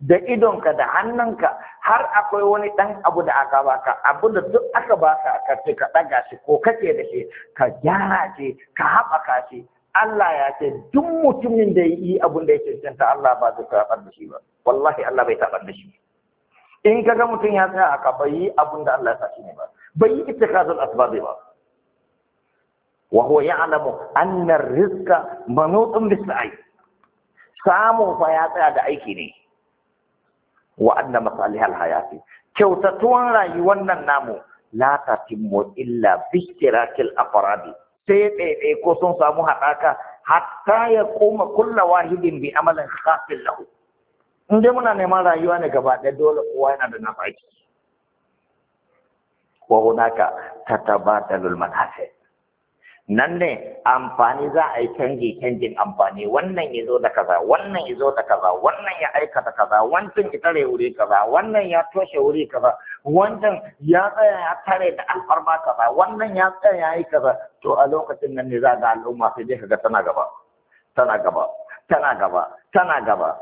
da idonka da hannunka har akwai wani ɗan abu da aka baka abu da duk aka baka ka ce ka ɗaga shi ko kake da shi ka gyara shi ka haɓaka shi Allah ya ce duk mutumin da yi abin da ya cancanta Allah ba zai tabar da shi ba wallahi Allah bai tabar da shi in kaga mutum ya tsaya aka bai yi abin da Allah ya sa shi ne ba bai yi ittikazul asbabi ba wa huwa ya'lamu anna ar-rizqa manutun bis-sa'i samu fa ya tsaya da aiki ne wa anna masalihal hayati kyautatuwan rayuwar nan namu la tatimmu illa bi ishtirakil afradi sai ɗaiɗai ko sun samu haɗaka hatta ya koma kulla wahidin bi amalin khafin lahu in dai muna neman rayuwa ne gaba ɗaya dole kowa yana da nafaki wa hunaka tatabadalul manhasib nan ne amfani za a yi canji canjin amfani wannan ya zo da kaza wannan ya zo da kaza wannan ya aikata kaza wancan ya tare wuri kaza wannan ya toshe wuri kaza wancan ya tsaya ya tare da alfarma kaza wannan ya tsaya ya yi kaza to a lokacin nan ne za ga al'umma sai dai kaga tana gaba tana gaba tana gaba tana gaba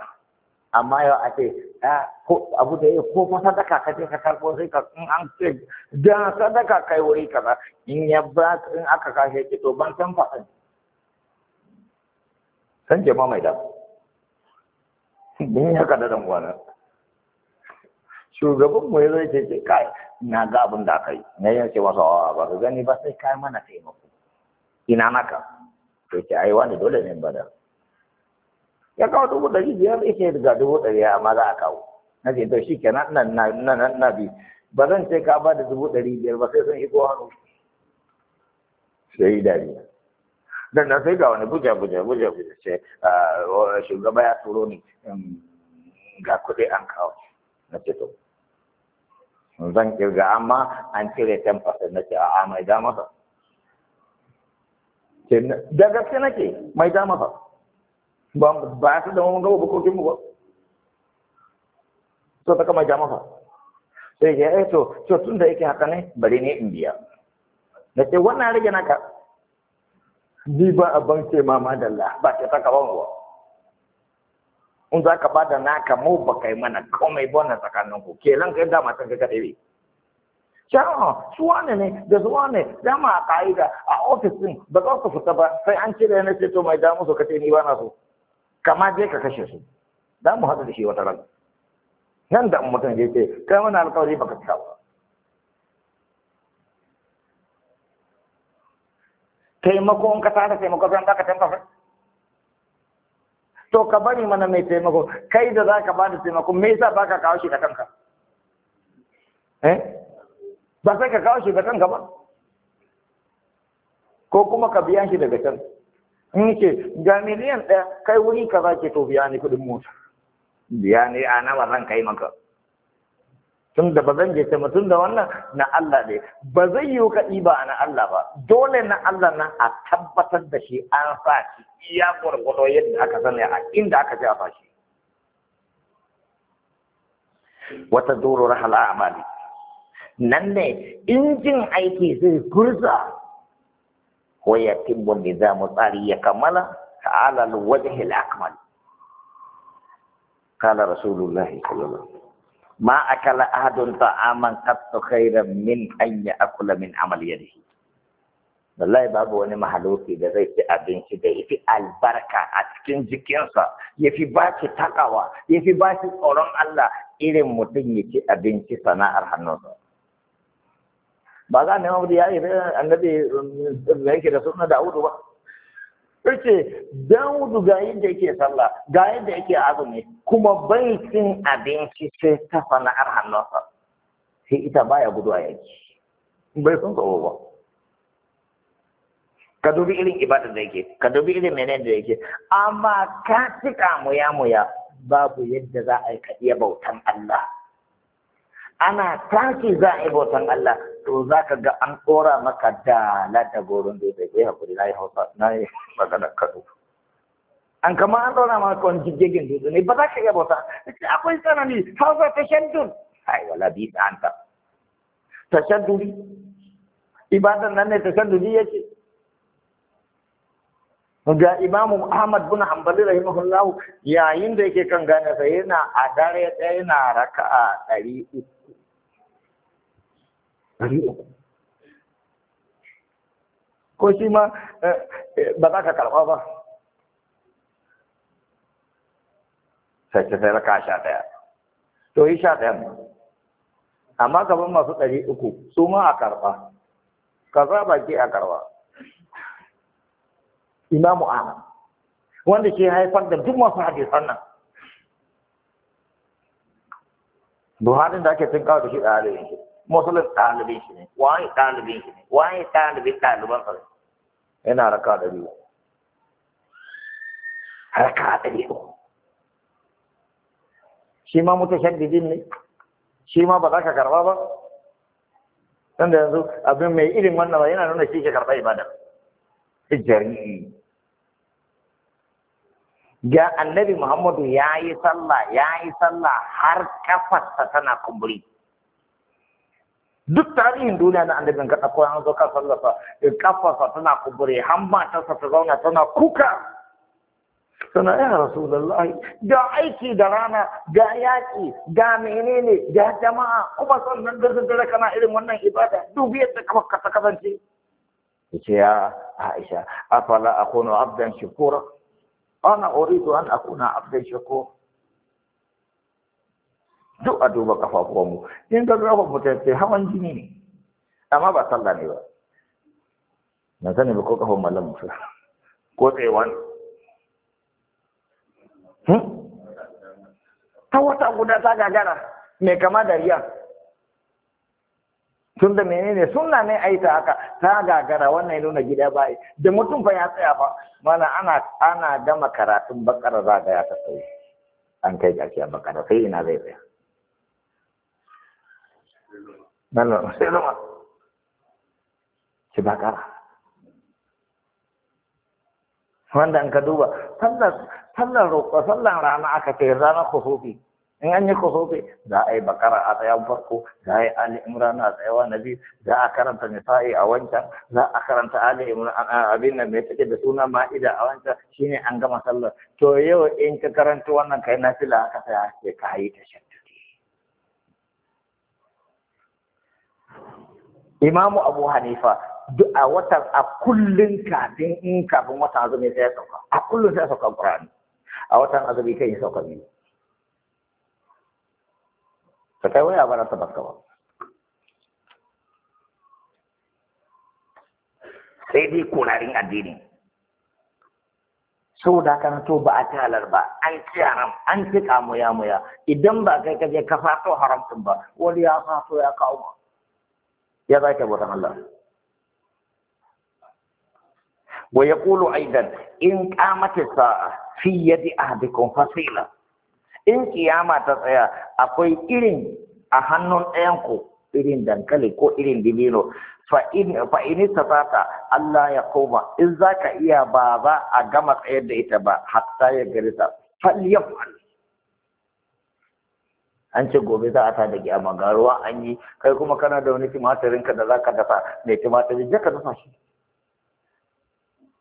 amma yau a ce ah, abu da ya ko kuma sadaka ka je ka karbo sai ka in an ce da sadaka kai wuri kaza in ya ba in aka kashe ki to ban san ne. san ma mai da in ya kada dan gwana shugaban mu ya zai ce ce kai na ga abin da kai na yin ce masa wa ba ka gani ba sai kai mana taimako ina naka to ce ai wani dole ne bada ya kawo dubu ɗari biyar yake ga dubu ɗari amma za a kawo na ce to shi kenan nan na na na bi ba zan ce ka ba da dubu ɗari biyar ba sai sun iko hannu sai dari dan nan sai ga wani buja buja buja buja ce ah, shugaba ya turo ni um, ga kuɗi an kawo na ce to zan kirga amma an cire 10% na ce a'a mai da masa daga gaske nake mai da ba ba su da mun gaba bukokin mu ba so ta kama fa sai ya eh to to tun da yake haka ne bari ne in biya na ce wannan rage naka ni ba a banke ma dalla ba ta saka ban wa in za ka bada naka mu ba kai mana komai ba na tsakanin ku ke lan kai dama san ka ka ɗebe Sha'a, ah, su wane ne, da su wane, dama a a ofis ɗin ba za su fita ba, sai an cire na ce to mai damu su kace ni ba na so. kama je ka kashe su za mu haɗu da shi wata ran nan da mutum ya ce kai mana alƙawari baka cika ba taimako in ka tara taimako zan baka taimaka to ka bari mana mai taimako kai da za ka ba da taimako me yasa ba ka kawo shi ka kanka eh ba sai ka kawo shi ka kanka ba ko kuma ka biya shi daga can in ce ga miliyan ɗaya kai wuri ka za ke to biya ni kuɗin mota biya ni a ba zan kai maka tun da ba zan je ta tun da wannan na Allah ne ba zai yi ka ɗiba na Allah ba dole na Allah na a tabbatar da shi an sa shi iya gwargwado yadda aka sani a inda aka ce a sa shi wata doro rahal a nan ne injin aiki zai gurza wa yatimmu nizamu tsari ya kammala ta'ala al-wajhi al-akmal qala rasulullah sallallahu alaihi ma akala ahadun ta'aman qattu khairan min an ya'kula min amal yadihi babu wani mahalufi da zai ci abinci da yafi albarka a cikin jikinsa yafi ba shi takawa yafi ba shi tsoron Allah irin mutum ya ci abinci sana'ar hannunsa ba za a nema ya yi annabi um, da yake da suna da'udu ba don wudu ga yadda yake sallah ga yadda yake azumi kuma bai cin abinci sai ta sana'ar hannunsa sai ita baya gudu a yaki bai sun tsoro ba ka dubi irin ibada da yake ka dubi irin menene da yake amma ka cika muya muya babu yadda za a yi kaɗiya bautan Allah ana taki za a yi bautan Allah to za ka ga an ɗora maka da lada goron da ya kai hakuri na yi hausa na yi magana kaɗo an kama an ɗora maka wani jirgin dutse ne ba za ka iya bauta akwai tsanani hausa ta shaddun ai wala bi ta anta ta shadduri ibadan nan ne ta ya ce? ga imamu ahmad bin hanbali rahimahullahu yayin da yake kan gane sa yana a dare ɗaya yana raka'a ɗari uku ko shi ma eh, eh, ba za ka karɓa ba sai sai raka sha ɗaya to yi sha ɗaya amma gaban masu ɗari uku su ma a karɓa ba baki a karɓa imamu ahmad wanda ke haifar da duk masu hadis nan buharin da ake tun kawo da shi ɗaya da yanzu musulun ɗalibin shi ne waye ɗalibin shi ne waye ɗalibin ɗaliban sa yana raka da biyu raka da biyu shi ma mutashaddidin ne shi ma ba za ka karba ba dan da yanzu abin mai irin wannan ba yana nuna shi ke karba ibada jari'i ga annabi muhammadu ya yi sallah ya yi sallah har kafarsa tana kumburi duk tarihin duniya na annabin ka ɗauko an zo ka sallafa kafarsa eh, tana kubure hammatarsa ta zauna tana kuka sana ya rasulullahi Da aiki da rana ga yaƙi ga menene ga jama'a kuma sannan da dare kana irin wannan ibada duk yadda kafarka ta kasance yace ya Aisha afala akunu abdan shukura ana uridu an akuna abdan shukura duk a duba kafafuwanmu in ga kafafu ta ce hawan jini ne amma ba sallah ne ba na sani ba ko kafan mallam musu ko tsayewan hmm? ta wata guda ta gagara mai kama da riya tun da menene sunna ne a ta haka ta gagara wannan nuna gida bayi da mutum fa ya tsaya fa mana ana ana gama karatun bakara za ga ya ta tsaye an kai ƙarshe a bakara sai ina zai tsaya nan sai zama ki bakara wanda an ka duba sallar roƙo sallar rana aka ce ranar kusufi in an yi kusufi za a yi bakara a tsayan farko za a yi ali imran a tsayawa na biyu za a karanta nisa'i a wancan za a karanta ali imran abin nan mai take da suna ma'ida a wancan shine an gama sallar to yau in ka karanta wannan kai na fila aka tsaya sai ka yi ta shi imamu abu hanifa duk a watan a kullun kafin in kafin watan azumi sai ya sauka a kullun sai ya sauka qur'ani a watan azumi kai ya sauka biyu ka kai waya ba ta baka ba sai dai kunarin addini sau da kana to ba a ci halar ba an ci haram an ci kamuya muya idan ba kai kaje ka fato haram din ba wani ya fato ya kawo ya za ka bautan Allah wa ƙulu aidan in qamatis sa'a fi yadi ahadikum fasila in ƙiyama ta tsaya akwai irin a hannun ɗayan irin dankali ko irin dibino fa in ta in Allah ya koma in za ka iya ba za a gama tsayar da ita ba hatta ya garisa yau! an ce gobe za a ta da gyama ga ruwa an yi kai kuma kana da wani tumatirin ka da za ka dafa mai tumatirin je ka dafa shi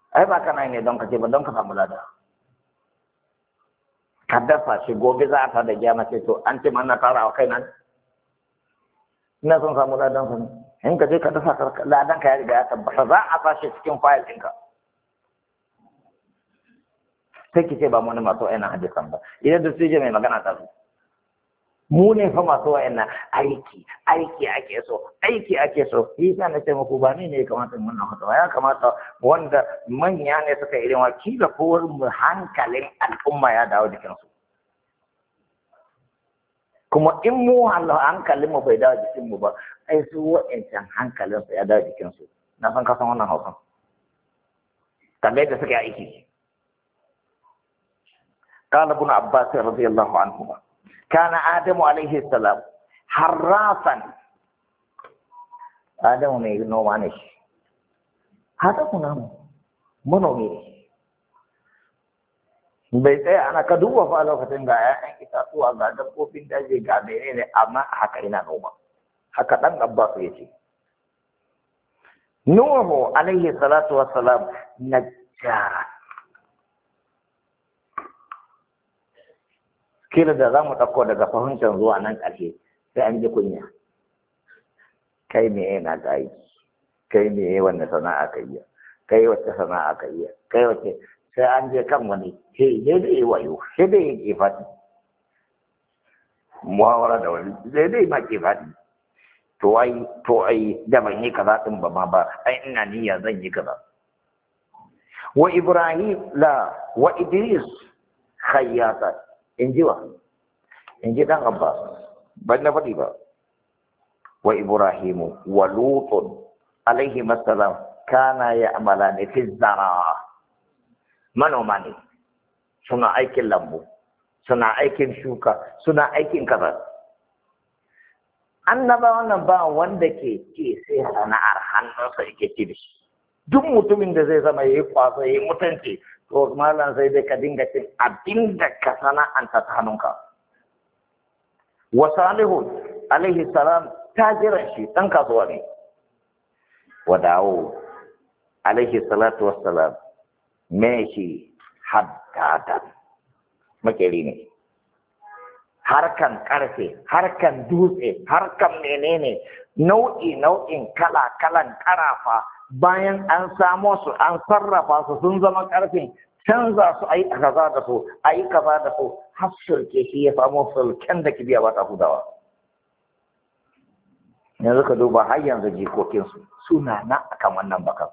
ai ba kana ne don ka ce ba don ka samu lada ka dafa shi gobe za a ta da gyama ce to an ce na tara wa kai nan ina son samu ladan ka ne in ka je ka dafa ladan ka ya riga ya tabbata za a tashi cikin fayil ɗinka sai ki ce ba mu ne masu ainihin hadisan ba idan da su je mai magana ta su mu ne fa masu wa'annan aiki aiki ake so aiki ake so shi sa na ce muku ba ne ya kamata mun na hoto ya kamata wanda manya ne suka irin wa kila mu hankalin al'umma ya dawo jikin su. kuma in mu Allah hankalin mu bai dawo jikin mu ba ai su wa'ancan hankalin su ya dawo jikin su na san kasan wannan hoto kaga da suka yi aiki قال ابن عباس رضي الله عنهما kana adamu alaihi salam harrafan adamu mai noma ne shi haka kuna mu bai tsaya ana ka duba fa lokacin ga ƴaƴan itatuwa ga dabbobin daji ga bene ne amma haka ina noma haka dan abbas ya ce nuhu alaihi salatu wassalam najjara kila da za mu ɗauko daga fahimtar zuwa nan ƙarshe sai an ji kunya kai me na gayi kai me wanda sana'a ka yi kai wacce sana'a ka yi kai wacce sai an je kan wani sai dai da yi wayo sai dai yin faɗi. muhawara da wani sai dai ma kifati to ai to ai da ban yi kaza din ba ma ba ai ina niyya zan yi kaza wa ibrahim la wa idris khayyatan Inji wa inji ji dan abbas ban na ba wa ibrahimu wa lutun alaihi masalam kana ya amala ne fi zara mano mani suna aikin lambu suna aikin shuka suna aikin kaza annaba wannan ba wanda ke ce sai sana'ar hannunsa yake ci da shi duk mutumin da zai zama ya yi kwasa ya yi mutunci to malam sai dai ka dinga cin abin da ka sana'anta ta hannunka wa salihu alaihi salam tajiran shi dan kasuwa ne wa dawo alaihi salatu wassalam me shi haddatan makeri ne harkan karfe harkan dutse harkan menene nau'i nau'in kala kalan karafa bayan an samo su an sarrafa su sun zama ƙarfin canza su a yi kaza da su a yi kaza da su har ke shi ya samo sulken da kibiya ba ta hudawa yanzu ka duba har yanzu jikokinsu suna na akan wannan bakan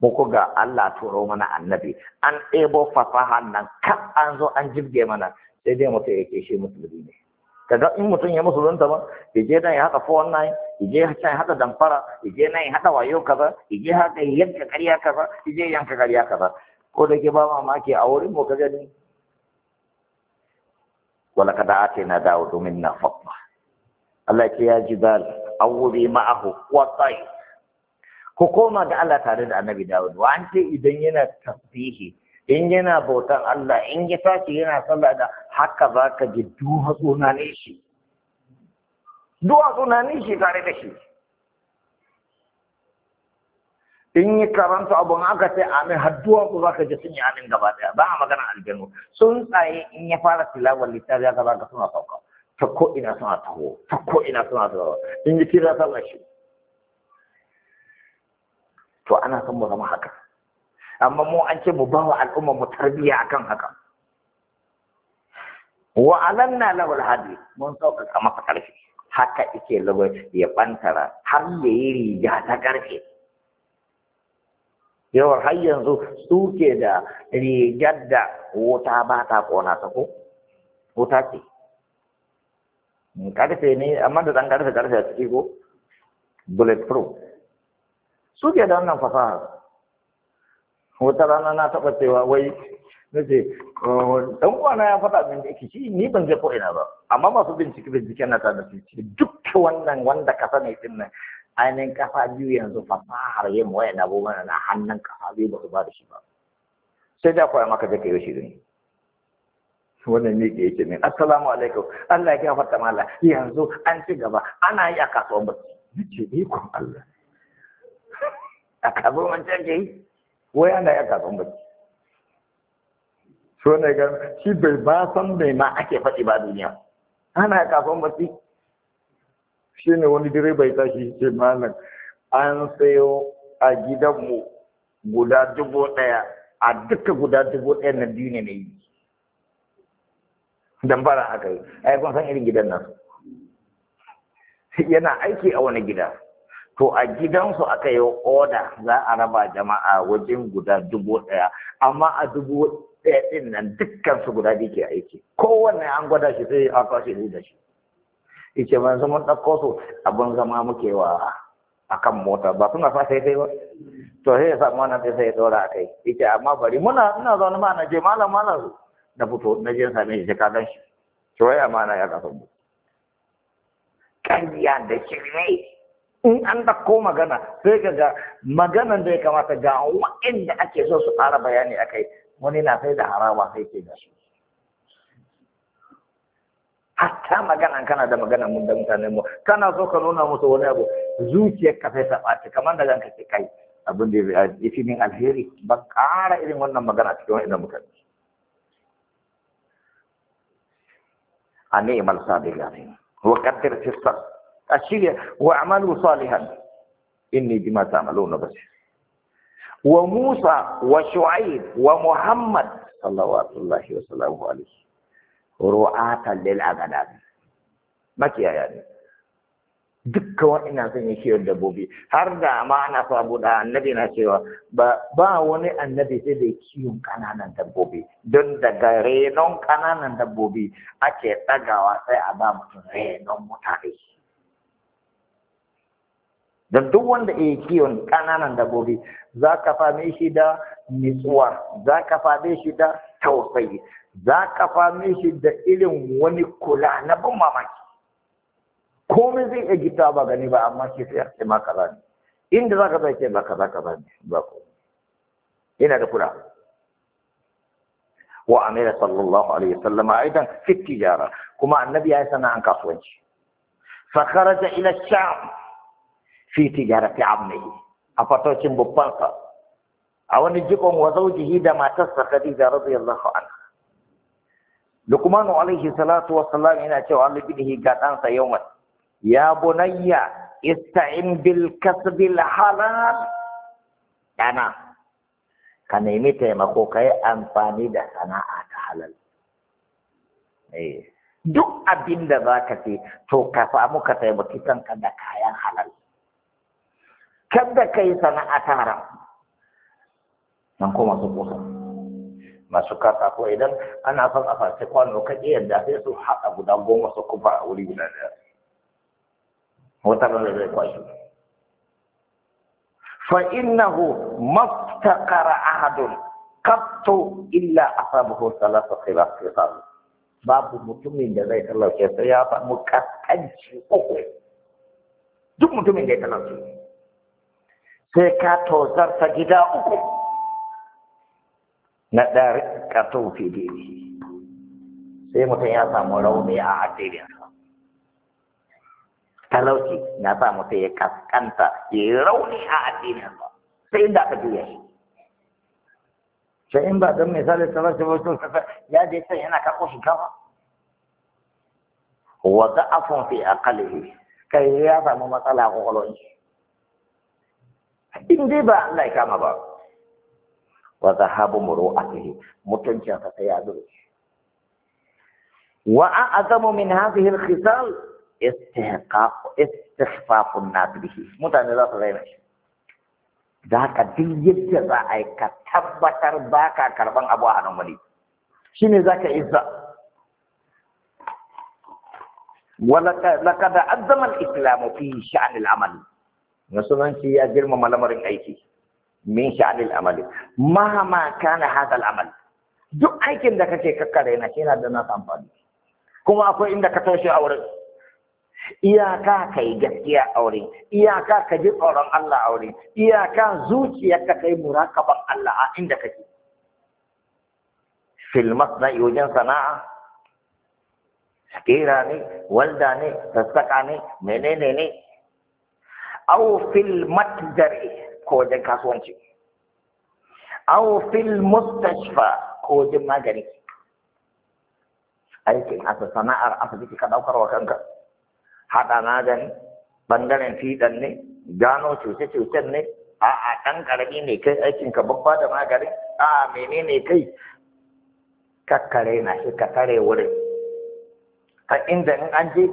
muku ga Allah turo mana annabi an ɗebo fasahan nan kan an zo an jirge mana sai dai mutum ya ke shi musulmi ne kaga in mutum ya musulunta ba ya je nan ya haɗa 419 ya je can ya haɗa damfara ya je nan ya haɗa wayo kaza ya je haka ya yanka ƙarya kaza ya je yanka ƙarya kaza ko da ke ba mamaki a wurin mu ka gani wala kada ate na dawo domin na faɗa Allah ce ya jibal awuri ma'ahu wa tsayi ku koma ga Allah tare da annabi Dawud wa an ce idan yana tasbihi in yana bautan Allah in ya tashi yana sallah da haka baka ka ji duwatsu na ne shi duwatsu na ne shi tare da shi in yi karanta abun aka ce amin har duwatsu za ka ji sun yi amin gaba daya ba a magana aljanu sun tsaye in ya fara tilawar littafi ya gaba ka suna sauka ta ko ina suna taho ta ko ina suna taho in yi kira sallah shi to ana san mu zama haka amma mu an ce mu ba wa al'umma mu tarbiya akan haka wa alanna lahu hadi mun kama ka karfe. haka yake lagos ya bantara har ya yi riga ta karfe. yawar har yanzu suke da rigar da wuta ba ta ƙona ta ko wuta ce Karfe ne amma da ɗan karfe-karfe a ciki ko bulletproof suke da wannan fasaha. wata rana na taɓa cewa wai na ce oh, ɗan uwana ya faɗa min da ake shi ni ban je ko ina ba amma masu bincike bincike na ta da su ce duk wannan wanda ka sani din nan ainihin kafa biyu yanzu fasahar yin wayan abubuwan na hannun kafa biyu ba su ba da shi ba sai da koya maka zai kayo shi ne wannan ne ke yake ne assalamu alaikum Allah ya ta mala yanzu an ci gaba ana yi a kasuwan bacci ce ikon Allah a kasuwan can ke yi wai ana ya kafin baki so ne ga shi bai ba san mai ma ake faɗi ba duniya ana ya kafin baki shi ne wani direba ya tashi ce malam an sayo a gidanmu guda dubu ɗaya a duka guda dubu ɗaya na biyu ne na yi fara aka yi ai kun san irin gidan nan yana aiki a wani gida to a gidansu aka yi oda za a raba jama'a wajen guda dubu ɗaya amma a dubu ɗaya ɗin nan dukkan su guda biyu ke aiki kowanne an gwada shi sai a kwashe ni da shi ice ban zama ɗauko su abin zama muke wa akan mota ba suna fa sai sai ba to sai ya samu wannan sai ya ɗora a kai ice amma bari muna ina zaune ma na je malam malam na fito na je same shi ka gan shi to ya amana ya kafa mu ƙarya da shirme in an ɗauko magana sai ka ga maganan da ya kamata ga wa'inda ake so su fara bayani a kai wani na sai da harawa sai ke da su hatta magana kana da magana mun da mutanen mu kana so ka nuna musu wani abu zuciyar ka sai ta ɓaci kamar da ganka kai abin da ya fi min alheri ba ƙara irin wannan magana cikin wa'inda mutane a ni'imar sabi gani wa ƙaddar a shirya wa amalu salihan inni bima ta'maluna basir wa Musa wa Shu'aib wa Muhammad sallallahu wa sallamu alihi ru'ata lil agadab makiyaya ne dukkan wa'ina sun yi kiyon dabbobi har da ma ana samu da annabi na cewa ba ba wani annabi sai da kiyon kananan dabbobi don daga renon kananan dabbobi ake tsagawa sai a ba mutum renon mutane da duk wanda ya kiwon ƙananan dabbobi za ka fame shi da nitsuwa za ka fame shi da tausayi za ka fame shi da irin wani kula na ban mamaki komai zai iya gita ba gani ba amma shi sai ce ma kaza ne inda za ka zai ce ba kaza kaza ne ba ko yana da kula wa amira sallallahu alaihi wasallama aidan fi tijara kuma annabi ya yi sana'an kasuwanci fa kharaja ila sham fi tijarati ammihi a fatocin babbansa a wani jikon wa zaujihi da matarsa Khadija radiyallahu anha Lukmanu alaihi salatu wassalam yana cewa Allah bidihi ga ɗansa yawman ya bunayya ista'in bil kasbil halal dana ka nemi taimako ka yi amfani da sana'a ta halal duk abinda za ka to ka samu ka taimaki kanka da kayan halal kada ka yi sana'a ta haram nan ko masu kusa masu kasa ko idan ana son a farce kwano ka ƙi yadda sai su haɗa guda goma su kufa a wuri guda ɗaya wata da zai kwashi fa innahu maftaqara ahadun qattu illa asabahu salasa khilaf khisalu babu mutumin da zai talauke sai ya samu kaskanci uku duk mutumin da ya talauke sai ka tozarta gida uku na ɗari ka tofi dini sai mutum ya samu rauni a addininsa talauci na sa mutum ya kaskanta ya yi rauni a addininsa sai inda ka juya shi sai in ba don misali talauci ba sun kasa ya je can yana karɓo shinkafa wa za'afun fi aqalihi kai ya samu matsala a kwakwalwar shi in dai ba Allah ya kama ba wa zahabu muru'atihi mutunci sa sai ya zube wa a'zamu min hadhihi al-khisal istihqaq istihfaf an-nas bihi mutane da su raina da ka duk yadda za a ka tabbatar ba ka karban abu a hannun wani zaka izza za ka izza ولقد أذم الإسلام في شأن العمل musulunci ya girmama lamarin aiki min sha'anil amali ma kana hadal amal duk aikin da kake kakkare na kina da nasa amfani kuma akwai inda ka toshe a wurin iyaka ka gaskiya a iyaka ka ji tsoron Allah a wurin iyaka zuciyarka ka kai murakaban Allah a inda kake fil masna wajen sana'a kira ne walda ne sassaƙa ne menene ne aw fil matjari ko wajen kasuwanci aw fil mustashfa ko wajen magani aikin asa sana'ar asibiti ka daukar wa kanka hada magani bangaren fiɗan ne gano cuce-cucen ne a a ɗan ƙarami ne kai aikin ka babba da magani a menene kai kakkare na shi ka tare wurin ka inda in an je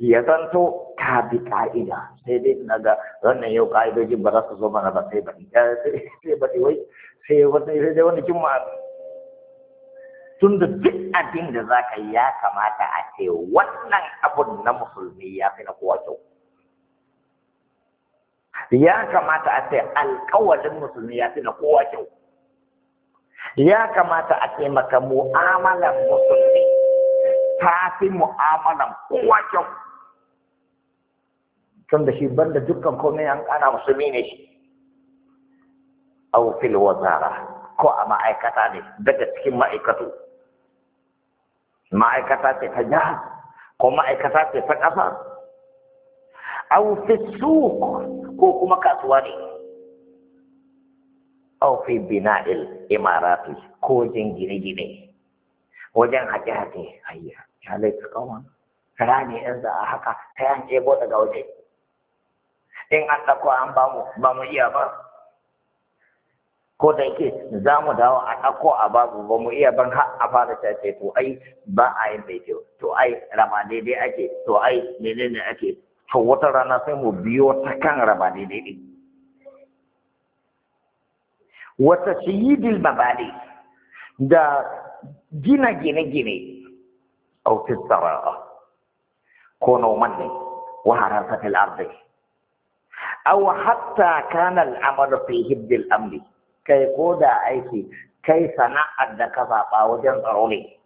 ya zanto ta bi ka'ida sai dai na ga wannan yau ka'idoji ba za su zo mana ba sai baɗi sai baɗi wai sai wata sai dai wani kin tun da duk abin da za ka ya kamata a ce wannan abun na musulmi ya fi na kowa kyau ya kamata a ce alƙawarin musulmi ya fi na kowa kyau ya kamata a ce maka mu'amalan musulmi ta fi mu'amalan kowa kyau tun da shi banda dukkan komai an ana musulmi ne shi aw fil wazara ko a ma'aikata ne daga cikin ma'aikatu ma'aikata ce ta jiha ko ma'aikata ce ta ƙasa aw fi suq ko kuma kasuwa ne aw fi bina'il imarati ko wajen gine-gine wajen haƙe hake, hayya ya laifi kawan rani yanzu a haka ta yanke ɗebo daga waje in an ɗauko an ba mu ba mu iya ba ko da yake za mu dawo a ɗauko a babu ba mu iya ban har a fara tafiya to ai ba a yin mai kyau to ai rama daidai ake to ai menene ake to wata rana sai mu biyo ta kan rama daidai ne wata shiyidil mabadi da gina gine-gine a ofis ko noman ne wa haransa fil arziki أو حتى كان الأمر فيهم بالأمن كي قود أيتي كي صنع أدك فاقا وجن ضروري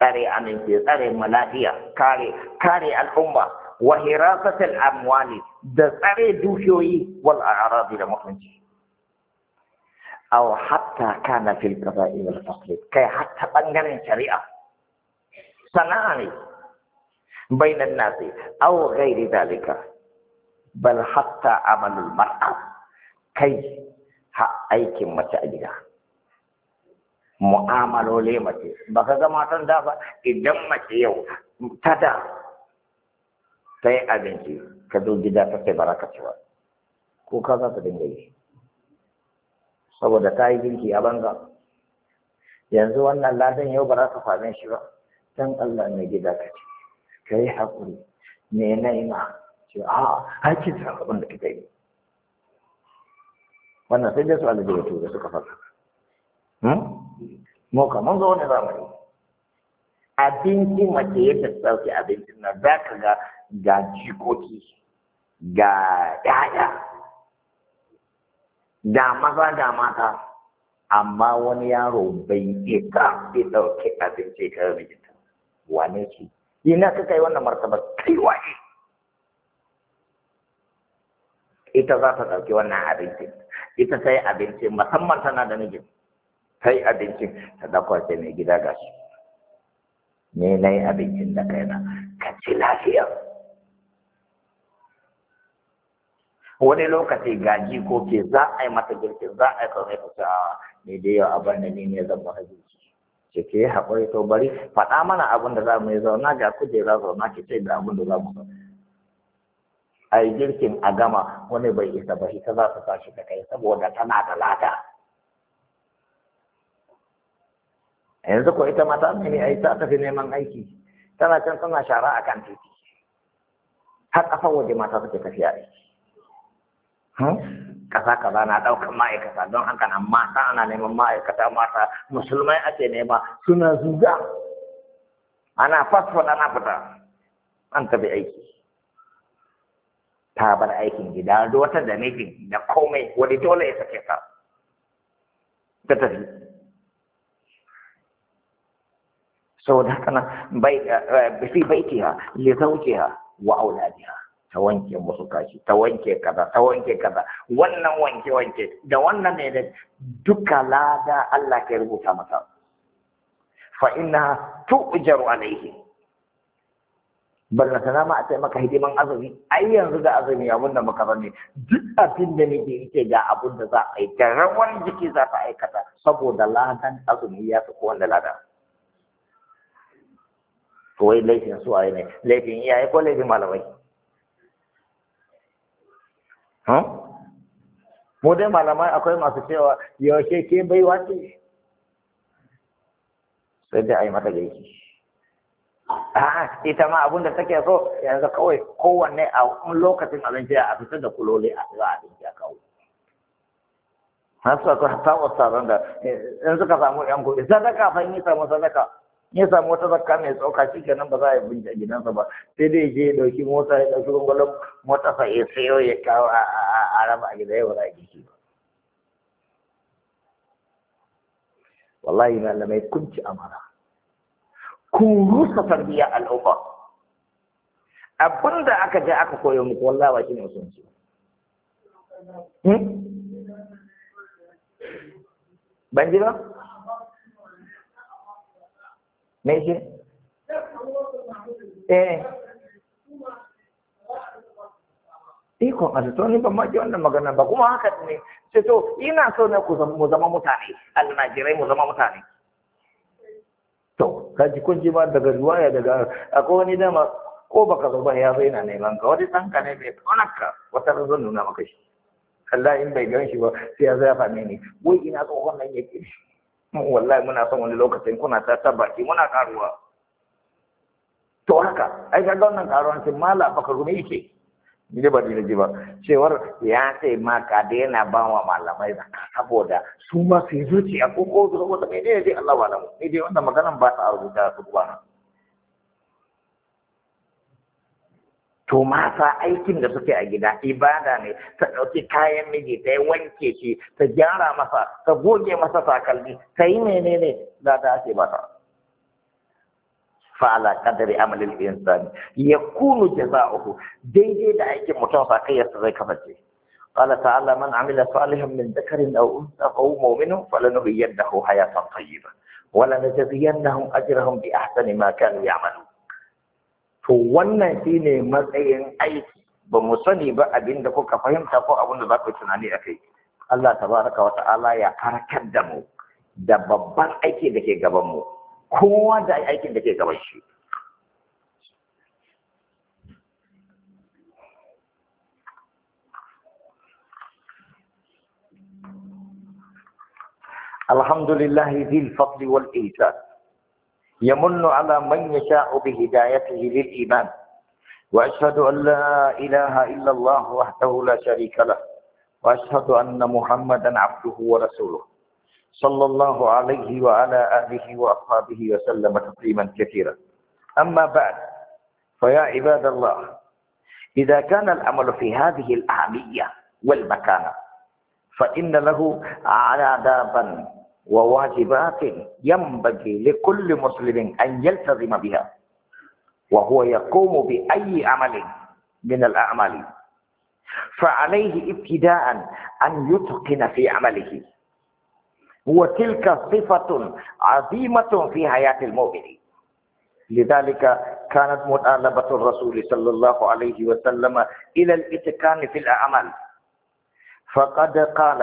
تري أمنتي تري ملاديا كاري كاري الأمة وهراسة الأموال دسري دوشوي والأعراض المؤمنين أو حتى كان في القبائل والفقر كي حتى بنجر شريعة صنعني بين الناس أو غير ذلك bal hatta amalul mar'a kai ha aikin mace a gida mu'amalole mace ba ka ga matan da ba idan mace yau ta da ta yi abinci ka zo gida ta sai baraka cewa ko ka za ta dinga yi saboda ta yi girki a banza yanzu wannan ladan yau ba za ka same shi ba dan Allah mai gida ka ce ka yi haƙuri me na ina ce a haƙƙin sa abin da kika yi wannan sai dai su alaji wato da suka faɗa hmm? mu kaman zo wani zamani abinci mace yadda ta ɗauki abincin nan za ka ga ga jikoki ga ɗaya ga maza ga mata amma wani yaro bai ita bai ɗauki abinci ka yi. wane ce ina ka yi wannan martaba kai waye ita za ta ɗauki wannan abincin ita sai abincin musamman tana da miji. sai abincin ta ɗauko ce mai gida ga shi ne na yi abincin da kaina ka ci lafiya wani lokaci ga ko ke za a yi mata girkin za a yi kawai ta ce ne da yau abin da ni ne zan mu hajji ce ke haƙuri to bari faɗa mana abin da za mu yi zauna ga kujera zauna ki ce da abin da za mu zauna a yi girkin a gama wani bai isa ba ita za ta tashi da kai saboda tana da lada yanzu ko ita mata ne ai ta tafi neman aiki tana can tana shara a kan titi har kafa waje mata suke tafiya aiki kasa hmm? kaza na ɗaukan ma'aikata don haka nan mata ana neman ma'aikata mata musulmai ake nema suna zuga ana fasfa ana fita an tafi aiki ta bar aikin gida da wata da mijin da komai wani dole ya sake ta ta tafi saboda haka nan bai kiya, eh, eh, baitiha sauke ha wa ha ta wanke musu kashi ta wanke kaza ta wanke kaza wannan wanke wanke da wannan ne da duka lada Allah ke rubuta masa fa inna tu'jaru alaihi balla salama a ce maka hidiman azumi ai yanzu da azumi abin da muka bane duk abin da nake yake ga abin da za a yi da wani jiki za ta aikata saboda ladan azumi ya fi kowanne ladan. to wai laifin su ayi ne laifin iyaye ko laifin malamai mu dai malamai akwai masu cewa yaushe ke baiwa ce sai dai a yi mata gaiki a'a ita ma abin da take so yanzu kawai kowanne a lokacin abinci a fitar da kuloli a za a abinci a kawo har ko ka wa tsaron da in suka samu yan kuɗi sadaka fa yi samu sadaka ni samu wata zakka mai tsoka shi kenan ba za a yi binci a gidansa ba sai dai je ya ɗauki mota ya ɗauki gwangwalon mota sa ya sayo ya kawo a raba a gida yau ba za a yi ba wallahi malamai kunci amara kun rusa tarbiyyar al'umma abin da aka je aka koyo muku wallah ba shi ne musulunci hmm? ban ji ba me shi eh Iko ikon azuto ni ma ji wannan magana ba kuma haka ne sai to ina so na ku mu zama mutane almajirai mu zama mutane kaji kun ji ba daga riwaya daga akwai wani dama ko baka zo ba ya zo yana neman ka wani ɗanka ne mai tsanaka wata razon nuna maka shi Allah in bai gan shi ba sai ya zo ya fame ni wai ina tsohon wannan ya ke shi wallahi muna son wani lokacin kuna ta tabbaki muna karuwa to haka ai ga wannan karuwancin mala baka rume yake ne ba dina ji ba cewar ya ce ma ka daina ba wa malamai da saboda su ma su yi zuciya ko ko su saboda mai daina dai Allah mu. ne dai wannan maganan ba ta rubuta su ba to sa aikin da suke a gida ibada ne ta ɗauki kayan miji ta yi wanke shi ta gyara masa ta goge masa takalmi ta yi menene za ta ake ba ta fa'ala qadari amalil insani yakunu jazaohu daidai da aikin mutum sa kai yasa zai kasance qala ta'ala man amila salihan min dhakarin aw unsa fa mu'minun falanuhyiyannahu hayatan tayyiba wa lanajziyannahum ajrahum bi ahsani ma kanu ya'malun to wannan shine matsayin aiki ba mu sani ba abin da kuka fahimta ko abin da za ku tunani a kai Allah tabaraka wa ta'ala ya karkar da mu da babban aiki da ke gaban mu kowa da aikin da ke gaban shi الحمد لله ذي الفضل والإيجاد يمن على من يشاء بهدايته للإيمان وأشهد أن لا إله إلا الله وحده لا شريك له وأشهد أن محمدا عبده ورسوله صلى الله عليه وعلى آله وأصحابه وسلم تسليما كثيرا أما بعد فيا عباد الله إذا كان الأمل في هذه الأهمية والمكانة فإن له عذابا وواجبات ينبغي لكل مسلم أن يلتزم بها وهو يقوم بأي عمل من الأعمال فعليه ابتداء أن يتقن في عمله وتلك صفة عظيمة في حياة المؤمن لذلك كانت مطالبة الرسول صلى الله عليه وسلم إلى الإتقان في الأعمال فقد قال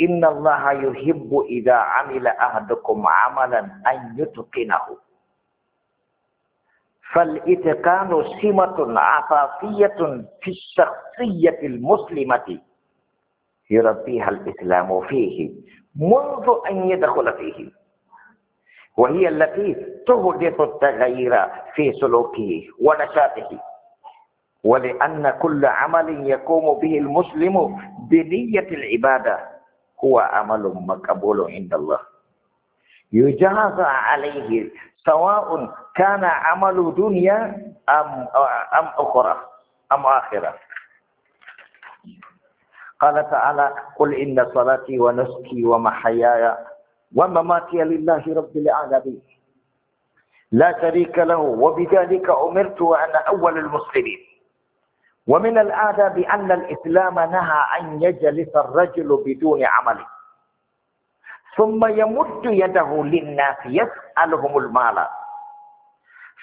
إن الله يحب إذا عمل أحدكم عملا أن يتقنه فالإتقان سمة عفافية في الشخصية المسلمة يربيها الإسلام فيه منذ أن يدخل فيه وهي التي تحدث التغيير في سلوكه ونشاطه ولأن كل عمل يقوم به المسلم بنية العبادة هو عمل مقبول عند الله يجازى عليه سواء كان عمل دنيا أم أم أخرى أم آخرة قال تعالى قل إن صلاتي ونسكي ومحياي ومماتي لله رب العالمين لا شريك له وبذلك أمرت وأنا أول المسلمين ومن الآداب أن الإسلام نهى أن يجلس الرجل بدون عمل ثم يمد يده للناس يسألهم المال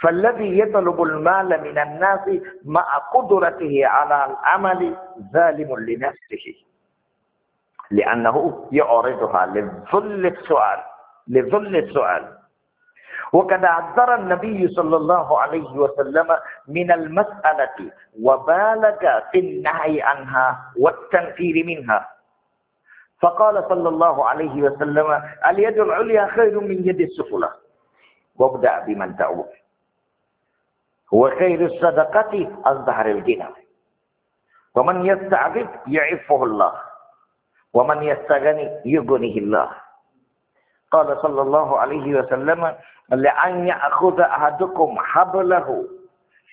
فالذي يطلب المال من الناس مع قدرته على العمل ظالم لنفسه لأنه يعرضها لظل السؤال لظل السؤال وقد عذر النبي صلى الله عليه وسلم من المسألة وبالغ في النهي عنها والتنفير منها فقال صلى الله عليه وسلم اليد العليا خير من يد السفلى وابدأ بمن تعود وخير الصدقة أظهر الغنى ومن يستعفف يعفه الله ومن يستغني يغنيه الله قال صلى الله عليه وسلم لأن يأخذ أحدكم حبله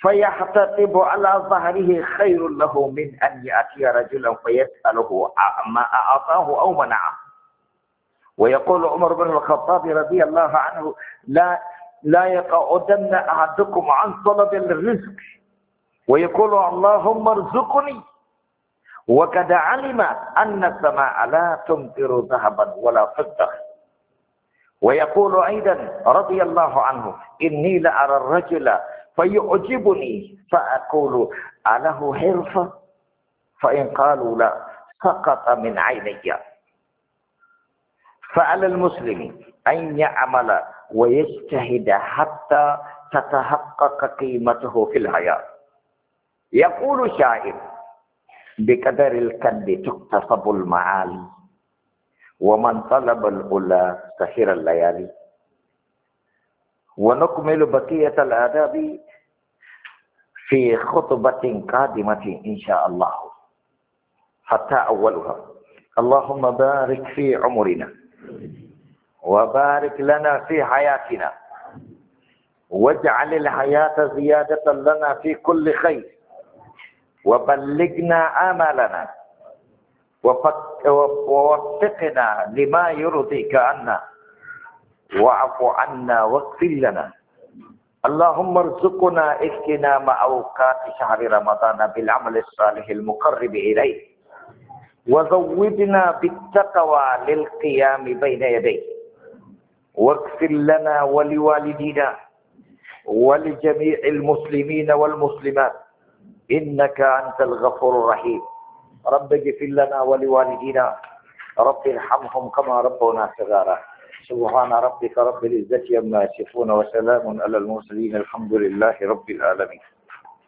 فيحتطب على ظهره خير له من أن يأتي رجلا فيسأله ما أعطاه أو منعه ويقول عمر بن الخطاب رضي الله عنه لا لا يقعدن أحدكم عن طلب الرزق ويقول اللهم ارزقني وقد علم أن السماء لا تمطر ذهبا ولا فضة ويقول أيضا رضي الله عنه إني لأرى الرجل فيعجبني فأقول أله حرفة فإن قالوا لا سقط من عيني فعلى المسلم أن يعمل ويجتهد حتى تتحقق قيمته في الحياة يقول شاعر بقدر الكد تكتسب المعالي ومن طلب الأولى سهر الليالي ونكمل بقية الآداب في خطبة قادمة إن شاء الله حتى أولها اللهم بارك في عمرنا وبارك لنا في حياتنا واجعل الحياة زيادة لنا في كل خير وبلغنا آمالنا ووفقنا لما يرضيك عنا واعف عنا واغفر لنا اللهم ارزقنا اجتنام اوقات شهر رمضان بالعمل الصالح المقرب اليه وزودنا بالتقوى للقيام بين يديه واغفر لنا ولوالدينا ولجميع المسلمين والمسلمات إنك أنت الغفور الرحيم رب اغفر لنا ولوالدينا رب ارحمهم كما ربونا صغارا سبحان ربك رب العزة عما يصفون وسلام على المرسلين الحمد لله رب العالمين